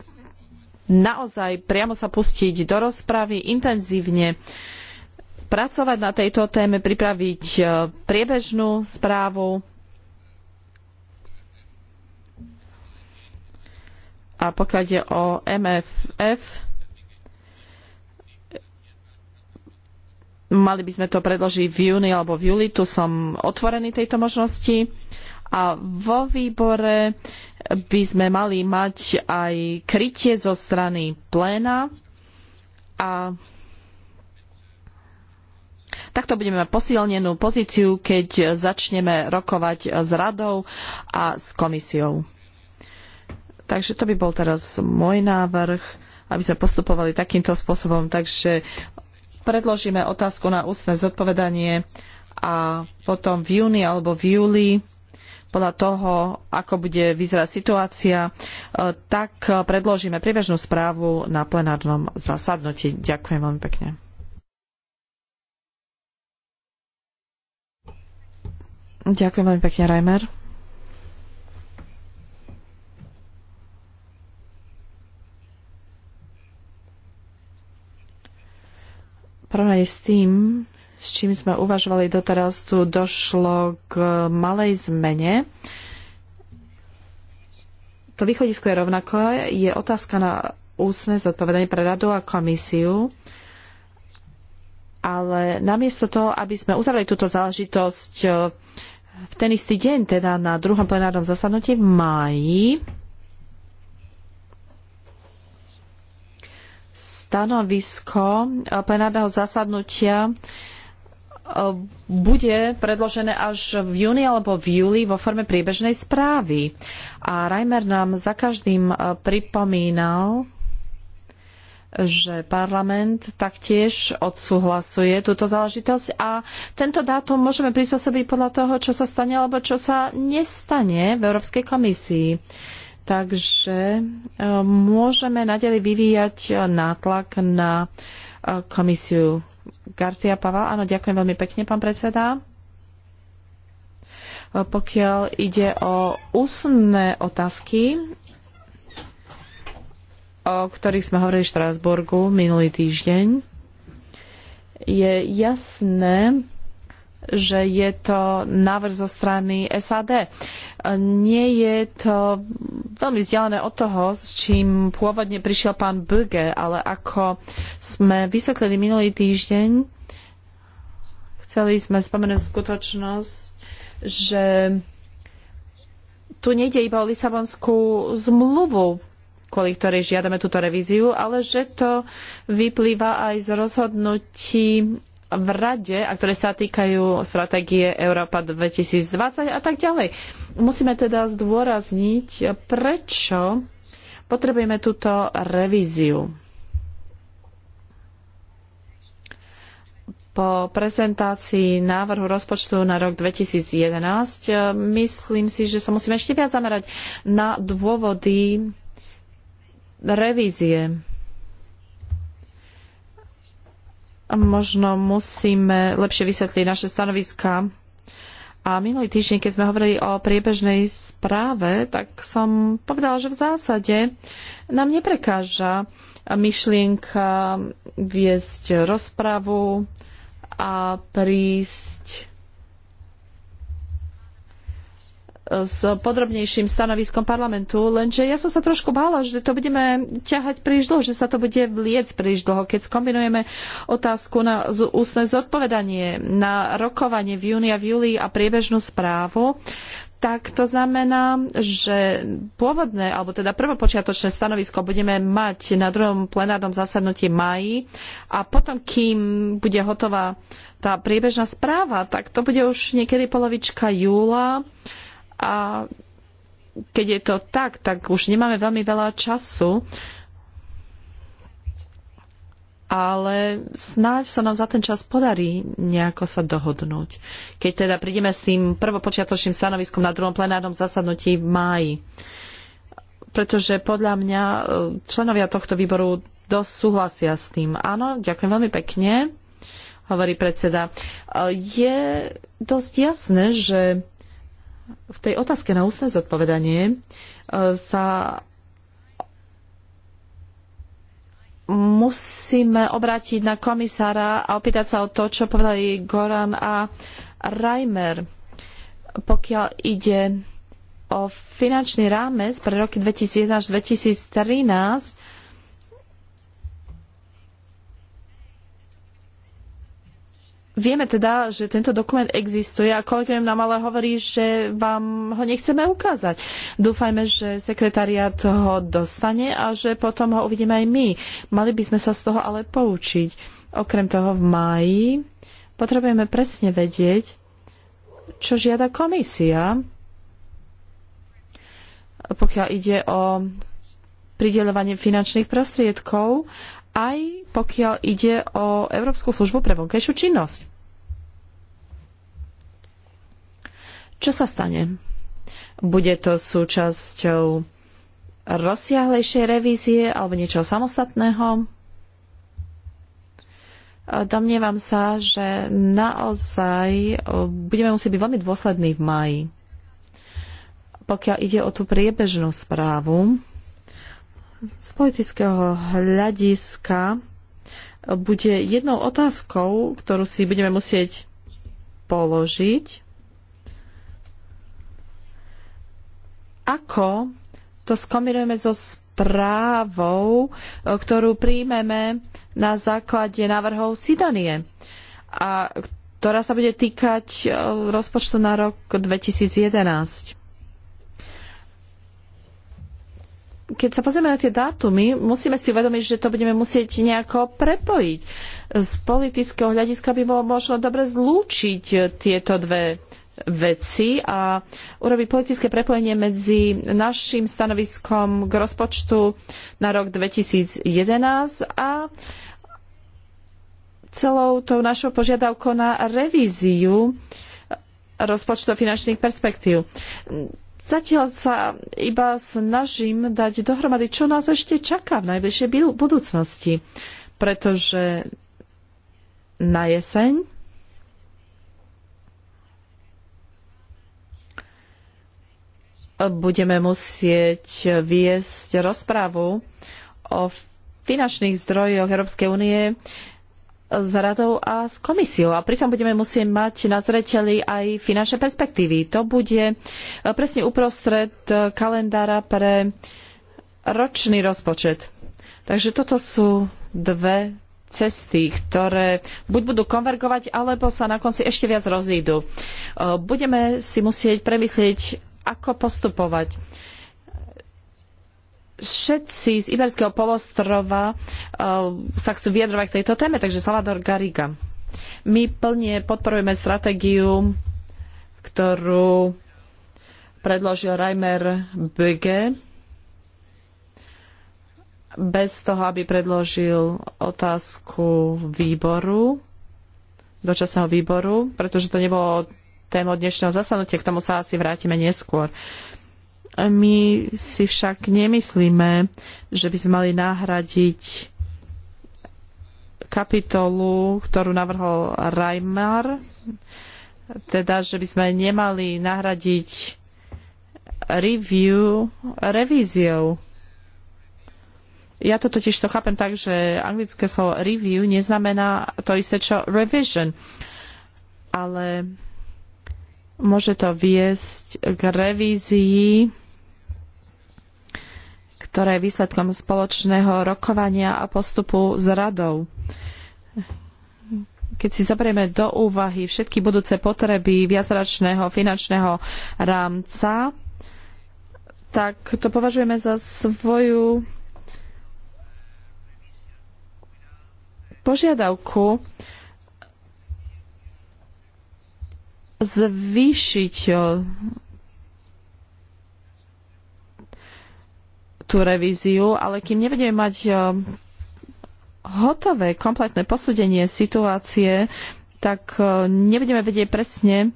naozaj priamo sa pustiť do rozpravy, intenzívne pracovať na tejto téme, pripraviť e, priebežnú správu. A pokiaľ je o MFF, mali by sme to predložiť v júni alebo v júli, tu som otvorený tejto možnosti. A vo výbore by sme mali mať aj krytie zo strany pléna a Takto budeme mať posilnenú pozíciu, keď začneme rokovať s radou a s komisiou. Takže to by bol teraz môj návrh, aby sme postupovali takýmto spôsobom. Takže predložíme otázku na ústne zodpovedanie a potom v júni alebo v júli podľa toho, ako bude vyzerať situácia, e, tak predložíme priebežnú správu na plenárnom zasadnutí. Ďakujem veľmi pekne. Ďakujem veľmi pekne, Reimer. porovnaní s tým, s čím sme uvažovali doteraz, tu došlo k malej zmene. To východisko je rovnako. Je otázka na úsne zodpovedanie pre radu a komisiu. Ale namiesto toho, aby sme uzavreli túto záležitosť eh, v ten istý deň, teda na druhom plenárnom zasadnutí v máji, stanovisko plenárneho zasadnutia E, bude predložené až v júni alebo v júli vo forme priebežnej správy. A Reimer nám za každým e, pripomínal, že parlament taktiež odsúhlasuje túto záležitosť a tento dátum môžeme prispôsobiť podľa toho, čo sa stane alebo čo sa nestane v Európskej komisii. Takže e, môžeme nadalej vyvíjať nátlak na komisiu Garcia Pavel. Áno, ďakujem veľmi pekne, pán predseda. Pokiaľ ide o úsumné otázky, o ktorých sme hovorili v Štrasburgu minulý týždeň, je jasné, že je to návrh zo strany SAD. Nie je to veľmi vzdialené od toho, s čím pôvodne prišiel pán Böge, ale ako sme vysvetlili minulý týždeň, chceli sme spomenúť skutočnosť, že tu nejde iba o Lisabonskú zmluvu, kvôli ktorej žiadame túto revíziu, ale že to vyplýva aj z rozhodnutí v rade a ktoré sa týkajú stratégie Európa 2020 a tak ďalej. Musíme teda zdôrazniť, prečo potrebujeme túto revíziu. Po prezentácii návrhu rozpočtu na rok 2011 eh, myslím si, že sa musíme ešte viac zamerať na dôvody revízie možno musíme lepšie vysvetliť naše stanoviská. A minulý týždeň, keď sme hovorili o priebežnej správe, tak som povedala, že v zásade nám neprekáža myšlienka viesť rozpravu a prísť s podrobnejším stanoviskom parlamentu, lenže ja som sa trošku bála, že to budeme ťahať príliš dlho, že sa to bude vliec príliš dlho. Keď skombinujeme otázku na ústne zodpovedanie, na rokovanie v júni a v júli a priebežnú správu, tak to znamená, že pôvodné, alebo teda prvopočiatočné stanovisko budeme mať na druhom plenárnom zasadnutí maji a potom, kým bude hotová tá priebežná správa, tak to bude už niekedy polovička júla. Uh, a keď je to tak, tak už nemáme veľmi veľa času, ale snáď sa nám za ten čas podarí nejako sa dohodnúť. Keď teda prídeme s tým prvopočiatočným stanoviskom na druhom plenárnom zasadnutí v máji. Pretože podľa mňa e, členovia tohto výboru dosť súhlasia s tým. Áno, ďakujem veľmi pekne, hovorí predseda. E, je dosť jasné, že v tej otázke na ústne zodpovedanie e, sa musíme obrátiť na komisára a opýtať sa o to, čo povedali Goran a Reimer. Pokiaľ ide o finančný rámec pre roky 2001 až 2013, Vieme teda, že tento dokument existuje a kolegium nám ale hovorí, že vám ho nechceme ukázať. Dúfajme, že sekretariat ho dostane a že potom ho uvidíme aj my. Mali by sme sa z toho ale poučiť. Okrem toho v máji potrebujeme presne vedieť, čo žiada komisia, pokiaľ ide o prideľovanie finančných prostriedkov aj pokiaľ ide o Európsku službu pre vonkajšiu činnosť. Čo sa stane? Bude to súčasťou rozsiahlejšej revízie alebo niečoho samostatného? Domnievam sa, že naozaj e, budeme musieť byť veľmi dôslední v maji. Pokiaľ ide o tú priebežnú správu, z politického hľadiska bude jednou otázkou, ktorú si budeme musieť položiť, ako to skombinujeme so správou, ktorú príjmeme na základe návrhov Sidonie, a ktorá sa bude týkať eh, rozpočtu na rok 2011. keď sa pozrieme na tie dátumy, musíme si uvedomiť, že to budeme musieť nejako prepojiť. Z politického hľadiska by bolo možno dobre zlúčiť tieto dve veci a urobiť politické prepojenie medzi našim stanoviskom k rozpočtu na rok 2011 a celou tou našou požiadavkou na revíziu rozpočtu finančných perspektív. Zatiaľ sa iba snažím dať dohromady, čo nás ešte čaká v najbližšej budúcnosti, pretože na jeseň budeme musieť viesť rozprávu o finančných zdrojoch Európskej únie, s radou a s komisiou. A pritom budeme musieť mať na zreteli aj finančné perspektívy. To bude e, presne uprostred kalendára pre ročný rozpočet. Takže toto sú dve cesty, ktoré buď budú konvergovať, alebo sa na konci ešte viac rozídu. E, budeme si musieť premyslieť, ako postupovať všetci z Iberského polostrova eh, sa chcú vyjadrovať k tejto téme, takže Salvador Gariga. My plne podporujeme stratégiu, ktorú predložil Reimer Böge bez toho, aby predložil otázku výboru, dočasného výboru, pretože to nebolo téma dnešného zasadnutia, k tomu sa asi vrátime neskôr. My si však nemyslíme, že by sme mali nahradiť kapitolu, ktorú navrhol Reimar, teda, že by sme nemali nahradiť review revíziou. Ja to totiž to chápem tak, že anglické slovo review neznamená to isté, čo revision. Ale môže to viesť k revízii ktorá je výsledkom spoločného rokovania a postupu s radou. Keď si zoberieme do úvahy všetky budúce potreby viacračného finančného rámca, tak to považujeme za svoju požiadavku zvýšiť tú revíziu, ale kým nebudeme mať e, hotové, kompletné posúdenie situácie, tak e, nebudeme vedieť presne,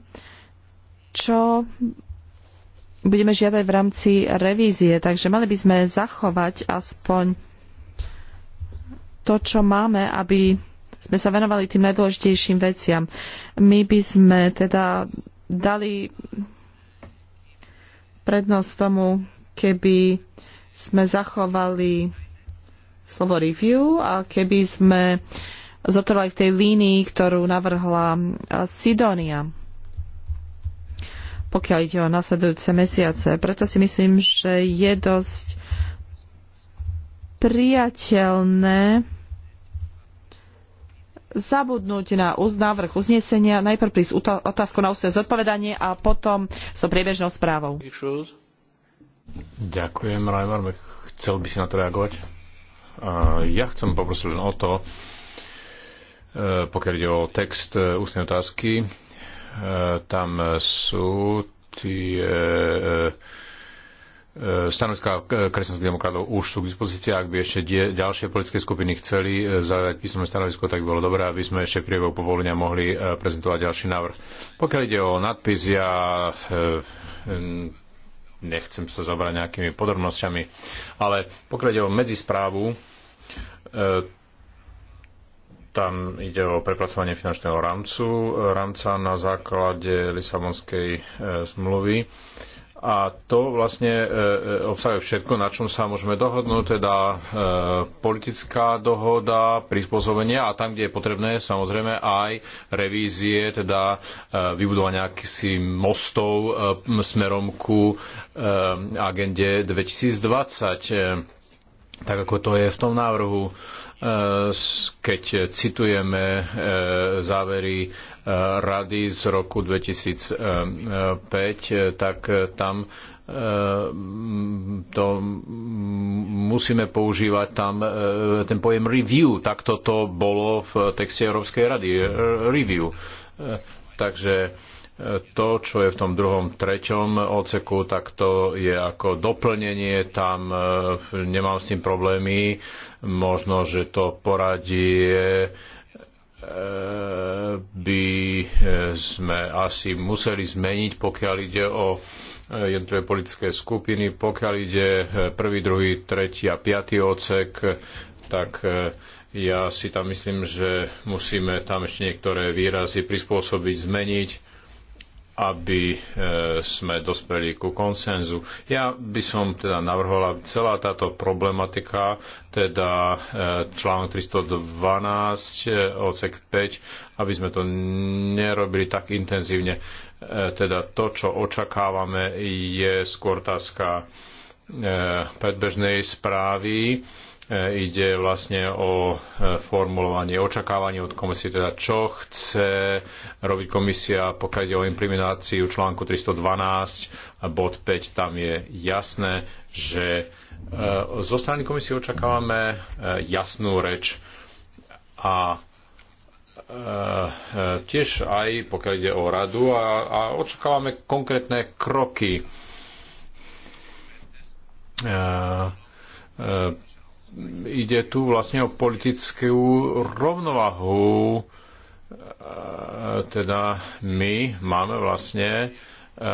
čo budeme žiadať v rámci revízie. Takže mali by sme zachovať aspoň to, čo máme, aby sme sa venovali tým najdôležitejším veciam. My by sme teda dali prednosť tomu, keby sme zachovali slovo review a keby sme zotrvali v tej línii, ktorú navrhla Sidonia pokiaľ ide o nasledujúce mesiace. Preto si myslím, že je dosť priateľné zabudnúť na návrh uznesenia, najprv prísť otázku na ústne zodpovedanie a potom so priebežnou správou. Ďakujem, Rajmar. Chcel by si na to reagovať? Ja chcem poprosiť len o to, e, pokiaľ ide o text e, ústnej otázky, e, tam sú tie stanoviská kresťanských demokratov už sú k dispozícii. Ak by ešte die, ďalšie politické skupiny chceli zaujať písomné stanovisko, tak by bolo dobré, aby sme ešte priebehu povolenia mohli prezentovať ďalší návrh. Pokiaľ ide o nadpis, ja nechcem sa zabrať nejakými podrobnosťami, ale pokiaľ ide o medzisprávu, e, tam ide o prepracovanie finančného rámcu, e, rámca na základe Lisabonskej e, zmluvy. E, a to vlastne e, e, obsahuje všetko, na čom sa môžeme dohodnúť, teda e, politická dohoda, prispôsobenie a tam, kde je potrebné, samozrejme aj revízie, teda vybudovanie akýsi mostov smerom ku agende 2020 tak ako to je v tom návrhu. Eh, keď citujeme eh, závery eh, rady z roku 2005, tak tam to musíme používať tam ten pojem review. Tak toto bolo v texte Európskej rady. Review. Takže to, čo je v tom druhom, treťom oceku, tak to je ako doplnenie, tam e, nemám s tým problémy. Možno, že to poradie e, by e, sme asi museli zmeniť, pokiaľ ide o jednotlivé politické skupiny. Pokiaľ ide prvý, druhý, tretí a piatý odsek, tak ja si tam myslím, že musíme tam ešte niektoré výrazy prispôsobiť, zmeniť aby e, sme dospeli ku konsenzu. Ja by som teda navrhol, aby celá táto problematika, teda e, článok 312, e, odsek 5, aby sme to nerobili tak intenzívne. Teda to, čo očakávame, je skôr otázka predbežnej správy E, ide vlastne o e, formulovanie očakávaní od komisie, teda čo chce robiť komisia, pokiaľ ide o implementáciu článku 312 bod 5, tam je jasné, že e, zo strany komisie očakávame jasnú reč a tiež aj pokiaľ ide o radu a, a očakávame konkrétne kroky ide tu vlastne o politickú rovnovahu. E, teda my máme vlastne e,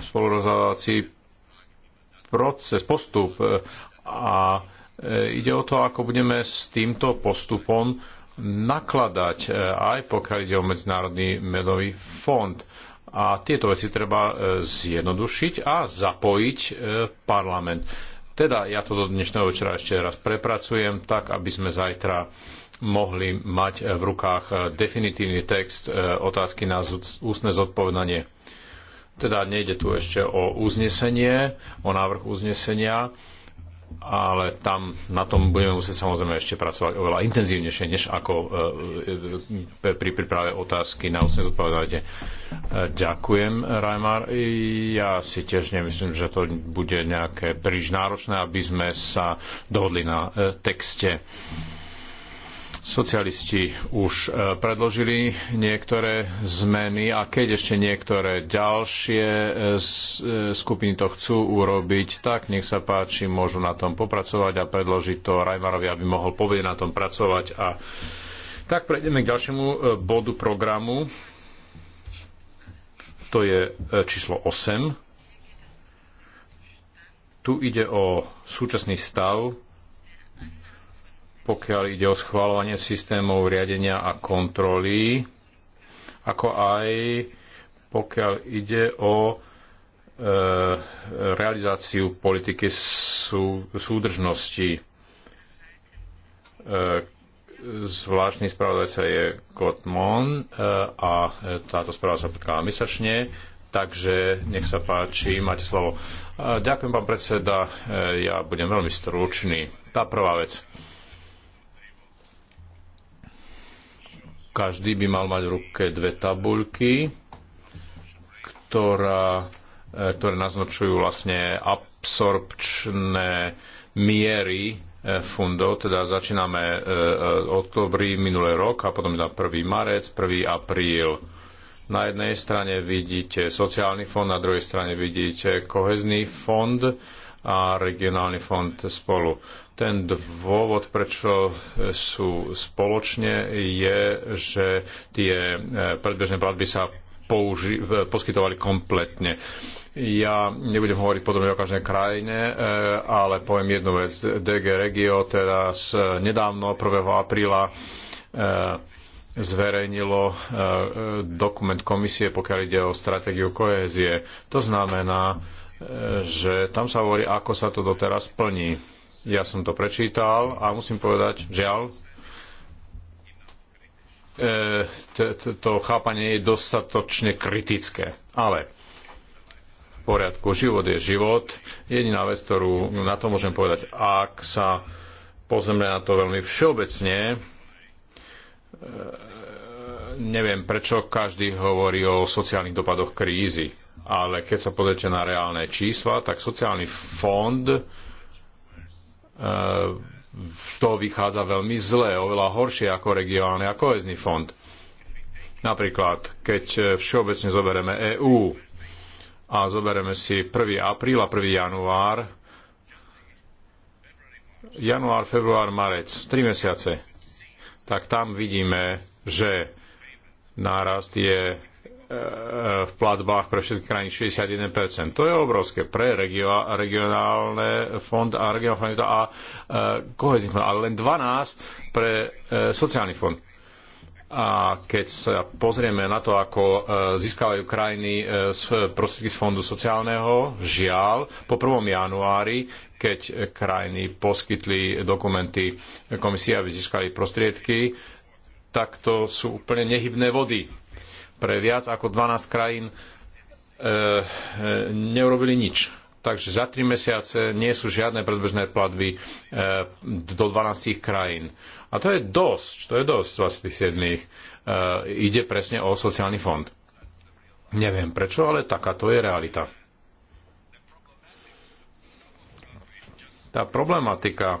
spolurozhodovací proces, postup a e, ide o to, ako budeme s týmto postupom nakladať, aj pokiaľ ide o Medzinárodný menový fond. A tieto veci treba e, zjednodušiť a zapojiť e, parlament. Teda ja to do dnešného večera ešte raz prepracujem, tak aby sme zajtra mohli mať e, v rukách definitívny text otázky na ústne zodpovedanie. Teda nejde tu ešte o uznesenie, o návrh uznesenia, ale tam na tom budeme musieť samozrejme ešte pracovať oveľa intenzívnejšie, než ako e, e, pri príprave otázky na ústne zodpovedajte. E, ďakujem, Rajmar. Ja si tiež nemyslím, že to bude nejaké príliš náročné, aby sme sa dohodli na texte. Socialisti už e, predložili niektoré zmeny a keď ešte niektoré ďalšie e, e, skupiny to chcú urobiť, tak nech sa páči, môžu na tom popracovať a predložiť to Rajmarovi, aby mohol povedať na tom pracovať. A tak prejdeme k ďalšiemu bodu programu. To je číslo 8. Tu ide o súčasný stav pokiaľ ide o schváľovanie systémov riadenia a kontroly, ako aj pokiaľ ide o e, realizáciu politiky sú, súdržnosti. E, zvláštny spravodajca je Kotmon e, a táto správa sa potkáva mesačne, takže nech sa páči, máte slovo. E, ďakujem, pán predseda, e, ja budem veľmi stručný. Tá prvá vec Každý by mal mať v ruke dve tabuľky, ktorá, e, ktoré naznačujú vlastne absorpčné miery e, fundov, teda začíname e, oktobri minulý rok a potom na 1. marec, 1. apríl. Na jednej strane vidíte sociálny fond, na druhej strane vidíte kohezný fond a regionálny fond spolu. Ten dôvod, prečo sú spoločne, je, že tie e, predbežné platby sa použi- e, poskytovali kompletne. Ja nebudem hovoriť podobne o každej krajine, e, ale poviem jednu vec. DG Regio teraz nedávno, 1. apríla, zverejnilo dokument komisie, pokiaľ ide o stratégiu kohézie. To znamená, že tam sa hovorí, ako sa to doteraz plní ja som to prečítal a musím povedať, žiaľ, e, to chápanie je dostatočne kritické. Ale v poriadku, život je život. Jediná vec, ktorú na to môžem povedať, ak sa pozrieme na to veľmi všeobecne, e, neviem prečo každý hovorí o sociálnych dopadoch krízy, ale keď sa pozriete na reálne čísla, tak sociálny fond Eh, to vychádza veľmi zle, oveľa horšie ako regionálny a kohezný fond. Napríklad, keď eh, všeobecne zoberieme EÚ a zoberieme si 1. apríl a 1. január, január, február, marec, 3 mesiace, tak tam vidíme, že nárast je Eh, v platbách pre všetky krajiny 61%. To je obrovské pre regionálne fond a regionálne fond a eh, kohezný fond, ale len 12 pre eh, sociálny fond. A keď sa pozrieme na to, ako získavajú krajiny prostriedky z Fondu sociálneho, žiaľ, po 1. januári, keď krajiny poskytli dokumenty komisie, aby získali prostriedky, tak to sú úplne nehybné vody pre viac ako 12 krajín e, e, neurobili nič. Takže za 3 mesiace nie sú žiadne predbežné platby e, do 12 krajín. A to je dosť, to je dosť z vlastne 27. E, ide presne o sociálny fond. Neviem prečo, ale takáto je realita. Tá problematika e,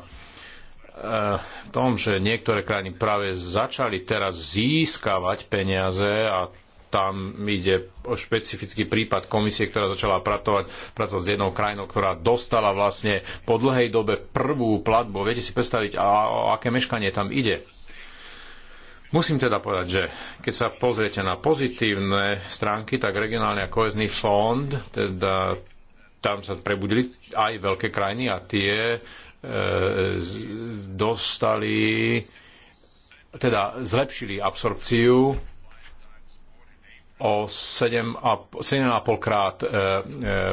v tom, že niektoré krajiny práve začali teraz získavať peniaze a tam ide o špecifický prípad komisie, ktorá začala pracovať, pracovať s jednou krajinou, ktorá dostala vlastne po dlhej dobe prvú platbu. Viete si predstaviť, a, o aké meškanie tam ide? Musím teda povedať, že keď sa pozriete na pozitívne stránky, tak regionálny a kohezný fond, teda tam sa prebudili aj veľké krajiny a tie e, z, dostali, teda zlepšili absorpciu o 7,5 krát e, e,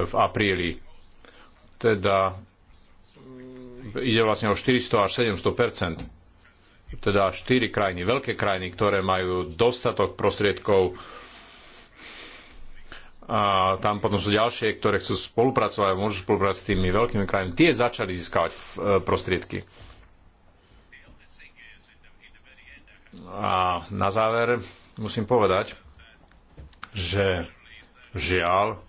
v apríli. Teda ide vlastne o 400 až 700 Teda štyri krajiny, veľké krajiny, ktoré majú dostatok prostriedkov a tam potom sú ďalšie, ktoré chcú spolupracovať a môžu spolupracovať s tými veľkými krajinami. Tie začali získavať e, prostriedky. A na záver musím povedať, že žiaľ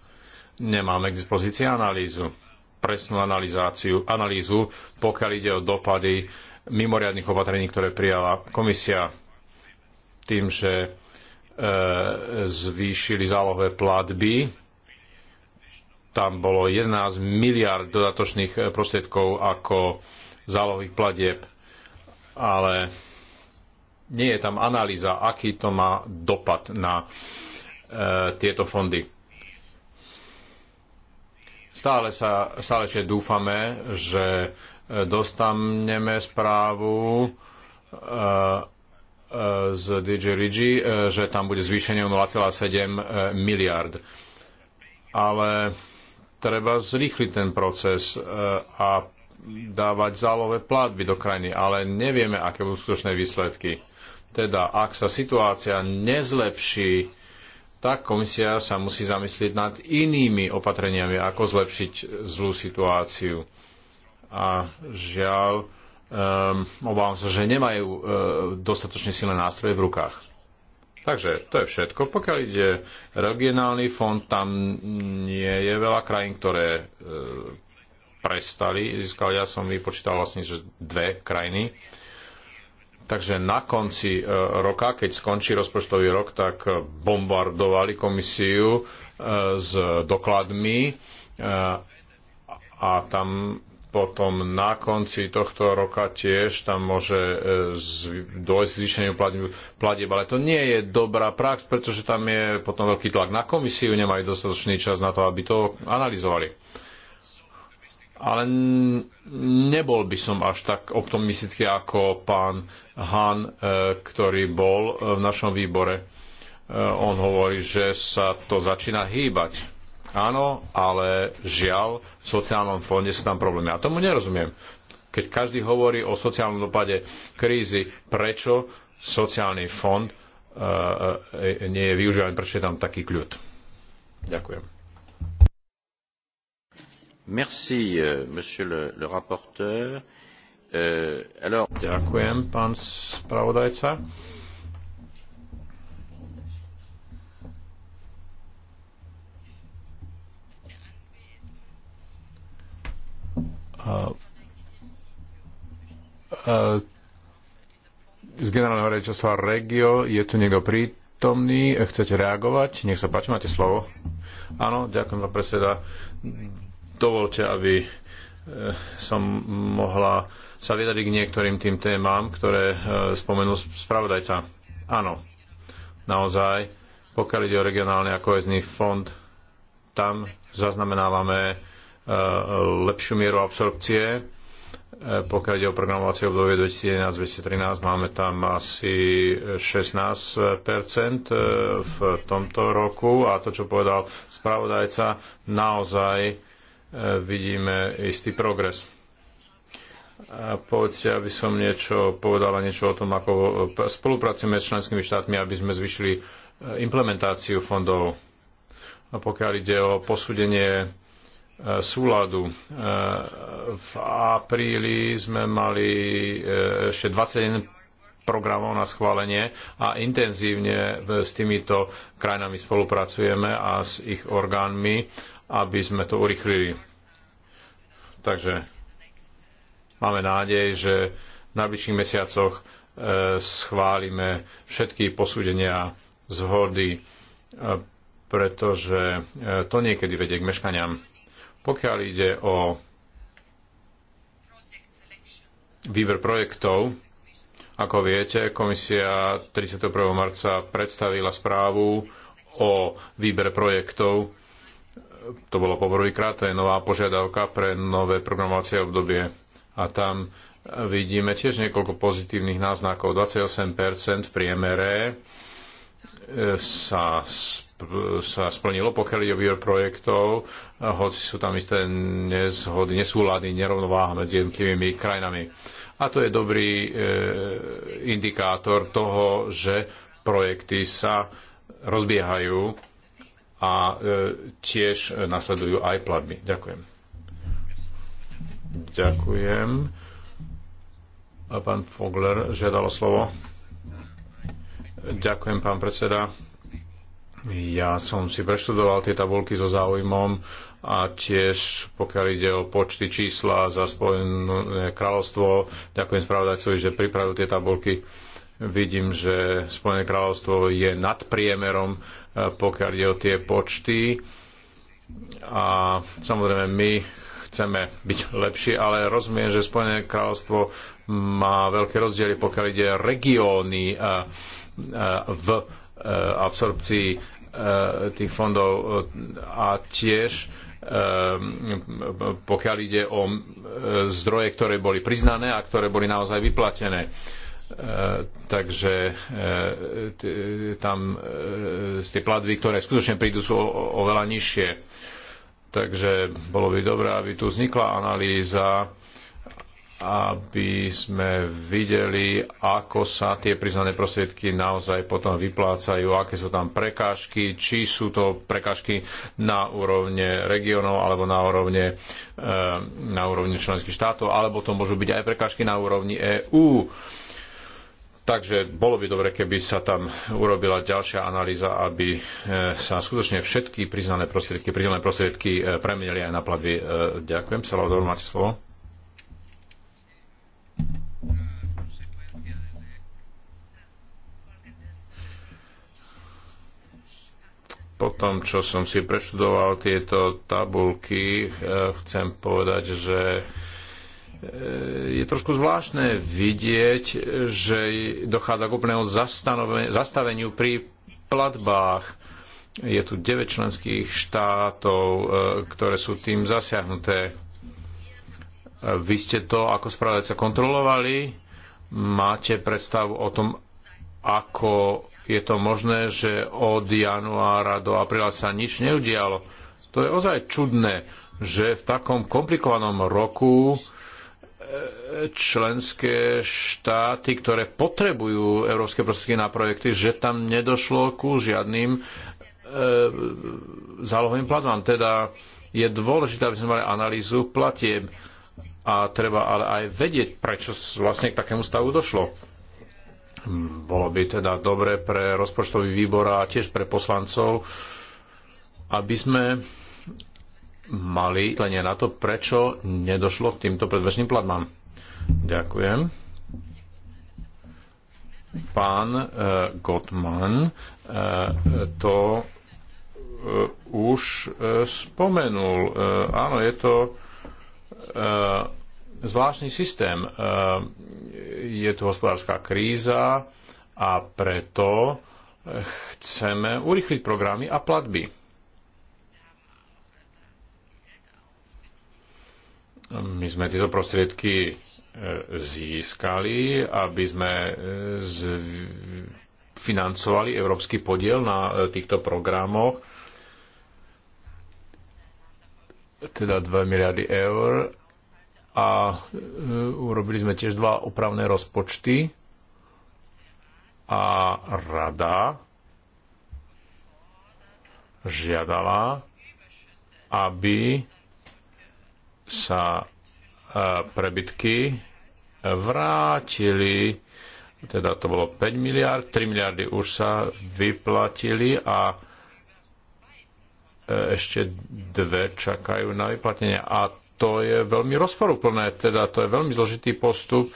nemáme k dispozícii analýzu, presnú analýzáciu, analýzu, pokiaľ ide o dopady mimoriadných opatrení, ktoré prijala komisia tým, že e, zvýšili zálohové platby. Tam bolo 11 miliard dodatočných e, prostriedkov ako zálohových platieb, ale nie je tam analýza, aký to má dopad na E, tieto fondy. Stále, sa, stále ešte dúfame, že e, dostaneme správu e, z DJ Rigi, že tam bude zvýšenie o 0,7 miliard. Ale treba zrýchliť ten proces a dávať zálové platby do krajiny, ale nevieme, aké budú skutočné výsledky. Teda, ak sa situácia nezlepší, tak komisia sa musí zamyslieť nad inými opatreniami, ako zlepšiť zlú situáciu. A žiaľ, um, obávam sa, že nemajú uh, dostatočne silné nástroje v rukách. Takže to je všetko. Pokiaľ ide regionálny fond, tam nie je veľa krajín, ktoré e, prestali. Získal, ja som vypočítal vlastne, že dve krajiny. E, Takže na konci e, roka, keď skončí rozpočtový rok, tak e, bombardovali komisiu e, s dokladmi a tam potom na konci tohto roka tiež tam môže dôjsť zvýšeniu platieb, ale to nie je dobrá prax, pretože tam je potom veľký tlak na komisiu, nemajú dostatočný čas na to, aby to analyzovali ale nebol by som až tak optimistický ako pán Han, eh, ktorý bol eh, v našom výbore. Eh, on hovorí, že sa to začína hýbať. Áno, ale žiaľ, v sociálnom fonde sú tam problémy. A tomu nerozumiem. Keď každý hovorí o sociálnom dopade krízy, prečo sociálny fond nie je využívaný, prečo je tam taký kľud. Ďakujem. Merci, euh, monsieur le, le rapporteur. Euh, alors... Ďakujem, pán spravodajca. z generálneho rejčestva Regio je tu niekto prítomný, chcete reagovať? Nech sa páči, máte slovo. Áno, ďakujem, pán predseda dovolte, aby e, som mohla sa vyjadriť k niektorým tým témam, ktoré e, spomenul spravodajca. Áno, naozaj, pokiaľ ide o regionálny a kohezný fond, tam zaznamenávame e, lepšiu mieru absorpcie. Pokiaľ ide o programovacie obdobie 2011-2013, máme tam asi 16 v tomto roku a to, čo povedal spravodajca, naozaj vidíme istý progres. A povedzte, aby som niečo povedala niečo o tom, ako spolupracujeme s členskými štátmi, aby sme zvyšili e, implementáciu fondov. A pokiaľ ide o posúdenie e, súladu. E, v apríli sme mali ešte 21 programov na schválenie a intenzívne s týmito krajinami spolupracujeme a s ich orgánmi aby sme to urychlili. Takže máme nádej, že v najbližších mesiacoch e, schválime všetky posúdenia zhody, e, pretože e, to niekedy vedie k meškaniam. Pokiaľ ide o výber projektov, ako viete, komisia 31. marca predstavila správu o výbere projektov to bolo poprvýkrát, to je nová požiadavka pre nové programovacie obdobie. A tam e, vidíme tiež niekoľko pozitívnych náznakov. 28% v priemere e, sa, sa splnilo, pokiaľ ide o výber projektov, hoci sú tam isté nezhody, nesúlady, nerovnováha medzi jednotlivými krajinami. A to je dobrý e, indikátor toho, že projekty sa rozbiehajú a e, tiež nasledujú aj platby. Ďakujem. Ďakujem. A pán Fogler žiadal slovo. Ďakujem, pán predseda. Ja som si preštudoval tie tabulky so záujmom a tiež pokiaľ ide o počty čísla za Spojené kráľovstvo, ďakujem spravodajcovi, že pripravil tie tabulky Vidím, že Spojené kráľovstvo je nad priemerom, e, pokiaľ ide o tie počty. A samozrejme, my chceme byť lepší, ale rozumiem, že Spojené kráľovstvo má veľké rozdiely, pokiaľ ide regióny e, e, v absorpcii tých fondov a tiež pokiaľ ide o zdroje, ktoré boli priznané a ktoré boli naozaj vyplatené. E, takže e, tam e, tie platby, ktoré skutočne prídu, sú oveľa nižšie. Takže bolo by dobré, aby tu vznikla analýza, aby sme videli, ako sa tie priznané prostriedky naozaj potom vyplácajú, aké sú tam prekážky, či sú to prekážky na úrovne regionov alebo na úrovne, na úrovni členských štátov, alebo to môžu byť aj prekážky na úrovni EÚ. EU Takže bolo by dobre, keby sa tam urobila ďalšia analýza, aby e, sa skutočne všetky priznané prostriedky, pridelené prostriedky e, premenili aj na platby. E, ďakujem. Salvador, máte slovo. po tom, čo som si preštudoval tieto tabulky, chcem povedať, že E, je trošku zvláštne vidieť, že dochádza k úplnému zastaveniu pri platbách. Je tu 9 členských štátov, e, ktoré sú tým zasiahnuté. E, vy ste to ako sa kontrolovali? Máte predstavu o tom, ako je to možné, že od januára do apríla sa nič neudialo? To je ozaj čudné, že v takom komplikovanom roku členské štáty, ktoré potrebujú európske prostriedky na projekty, že tam nedošlo ku žiadnym e, zálohovým platbám. Teda je dôležité, aby sme mali analýzu platieb a treba ale aj vedieť, prečo vlastne k takému stavu došlo. Bolo by teda dobre pre rozpočtový výbor a tiež pre poslancov, aby sme mali tlenie na to, prečo nedošlo k týmto predbežným platbám. Ďakujem. Pán uh, Gottman uh, to uh, už uh, spomenul. Uh, áno, je to uh, zvláštny systém. Uh, je tu hospodárska kríza a preto chceme urychliť programy a platby My sme tieto prostriedky e, získali, aby sme e, financovali európsky podiel na e, týchto programoch, teda 2 miliardy eur a urobili sme tiež dva opravné rozpočty a rada žiadala, aby sa e, prebytky vrátili, teda to bolo 5 miliard, 3 miliardy už sa vyplatili a e, ešte dve čakajú na vyplatenie. A to je veľmi rozporúplné, teda to je veľmi zložitý postup,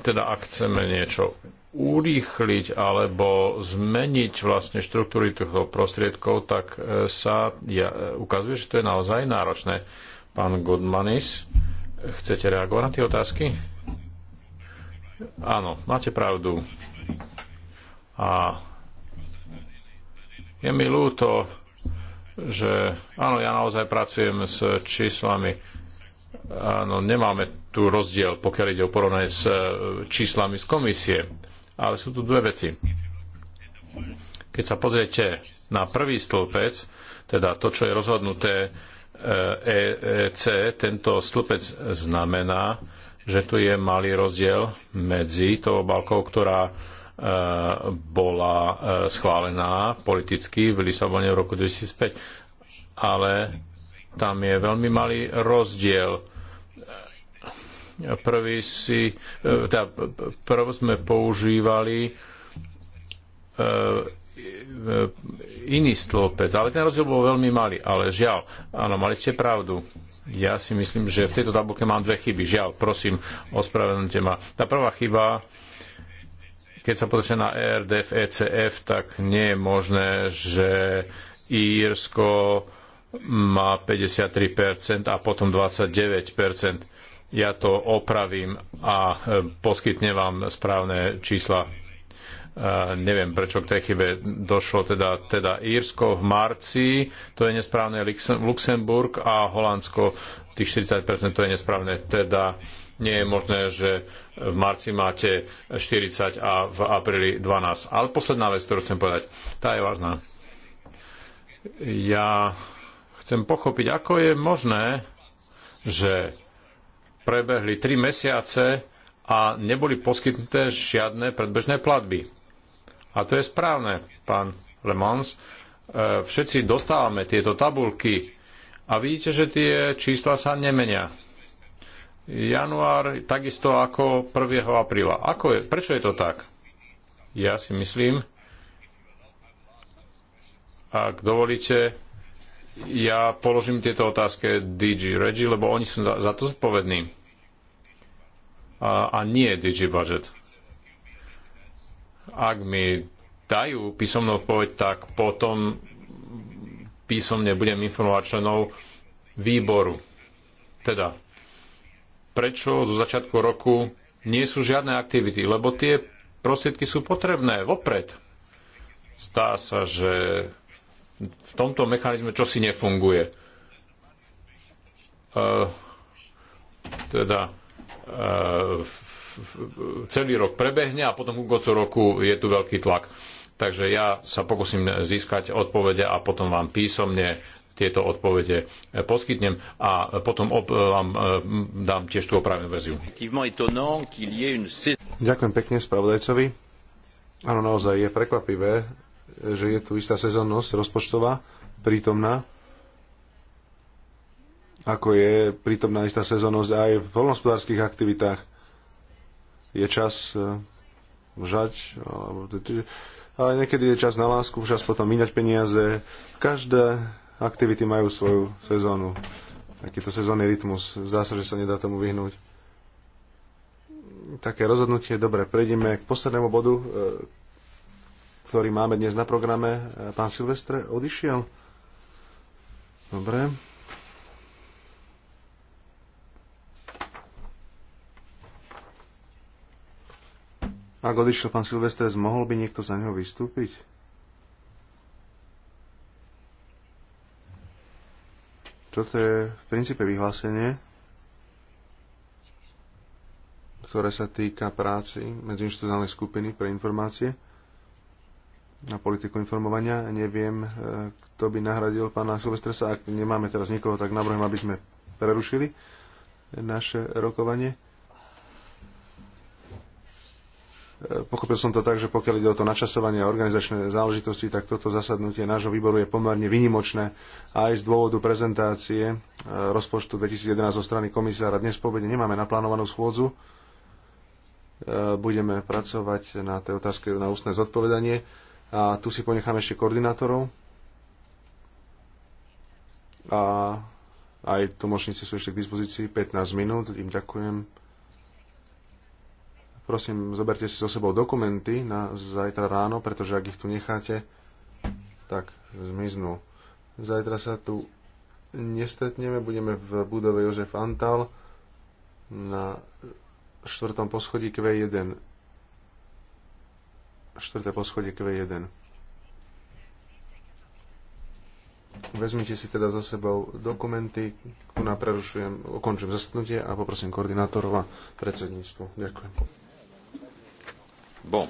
teda ak chceme niečo urýchliť alebo zmeniť vlastne štruktúry týchto prostriedkov, tak e, sa ja, ukazuje, že to je naozaj náročné. Pán Godmanis, chcete reagovať na tie otázky? Áno, máte pravdu. A je mi ľúto, že áno, ja naozaj pracujem s číslami. Áno, nemáme tu rozdiel, pokiaľ ide o porovnanie s e, číslami z komisie. Ale sú tu dve veci. Keď sa pozriete na prvý stĺpec, teda to, čo je rozhodnuté EC e tento stĺpec znamená, že tu je malý rozdiel medzi tou obálkou, ktorá e, bola e, schválená politicky v Lisabone v roku 2005, ale tam je veľmi malý rozdiel. Prvý, si, teda prvý sme používali iný stĺpec, ale ten rozdiel bol veľmi malý, ale žiaľ, áno, mali ste pravdu. Ja si myslím, že v tejto tabulke mám dve chyby. Žiaľ, prosím, ospravedlňte ma. Tá prvá chyba, keď sa pozriete na ERDF, ECF, tak nie je možné, že Írsko má 53% a potom 29%. Ja to opravím a e, poskytne vám správne čísla. Eh, neviem prečo k tej chybe došlo, teda, teda Írsko v marci, to je nesprávne, Luxemburg a Holandsko, tých 40% to je nesprávne, teda nie je možné, že v marci máte 40 a v apríli 12. Ale posledná vec, ktorú chcem povedať, tá je vážna. Ja chcem pochopiť, ako je možné, že prebehli 3 mesiace a neboli poskytnuté žiadne predbežné platby a to je správne, pán Le Mans. E, všetci dostávame tieto tabulky a vidíte, že tie čísla sa nemenia. Január takisto ako 1. apríla. Ako je, prečo je to tak? Ja si myslím, ak dovolíte, ja položím tieto otázky DG Regi, lebo oni sú za to zodpovední. A, a nie DG Budget. Ak mi dajú písomnú odpoveď, tak potom písomne budem informovať členov výboru. Teda, prečo zo začiatku roku nie sú žiadne aktivity? Lebo tie prostriedky sú potrebné vopred. Zdá sa, že v tomto mechanizme čosi nefunguje. E, teda, eh, celý rok prebehne a potom ku koncu roku je tu veľký tlak. Takže ja sa pokúsim získať odpovede a potom vám písomne tieto odpovede eh, poskytnem a potom eh, vám eh, dám tiež tú opravnú verziu. Ďakujem pekne spravodajcovi. Áno, naozaj je prekvapivé, že je tu istá sezónnosť rozpočtová prítomná, ako je prítomná istá sezónnosť aj v polnospodárských aktivitách je čas e, vžať, alebo ale niekedy je čas na lásku, čas potom míňať peniaze. Každé aktivity majú svoju sezónu. Takýto sezónny rytmus. Zdá sa, že sa nedá tomu vyhnúť. Také rozhodnutie. Dobre, prejdeme k poslednému bodu, e, ktorý máme dnes na programe. E, pán Silvestre odišiel. Dobre. Ak odišiel pán Silvestres, mohol by niekto za neho vystúpiť? Toto je v princípe vyhlásenie, ktoré sa týka práci medziinstitucionálnej skupiny pre informácie na politiku informovania. Neviem, e, kto by nahradil pána Silvestresa. Ak nemáme teraz nikoho, tak navrhujem, aby sme prerušili naše rokovanie. E, pochopil som to tak, že pokiaľ ide o to načasovanie a organizačné záležitosti, tak toto zasadnutie nášho výboru je pomerne vynimočné aj z dôvodu prezentácie e, rozpočtu 2011 zo strany komisára. Dnes po obede nemáme naplánovanú schôdzu. E, budeme pracovať na tej otázke na ústne zodpovedanie a tu si ponechám ešte koordinátorov. A aj tlmočníci sú ešte k dispozícii 15 minút. Im ďakujem. Prosím, zoberte si so sebou dokumenty na zajtra ráno, pretože ak ich tu necháte, tak zmiznú. Zajtra sa tu nestretneme, budeme v budove Jozef Antal na štvrtom poschodí Q1. Štvrté poschodie Q1. Vezmite si teda za sebou dokumenty, ktorú prerušujem, ukončím zastnutie a poprosím koordinátorov a predsedníctvo. Ďakujem. Bon.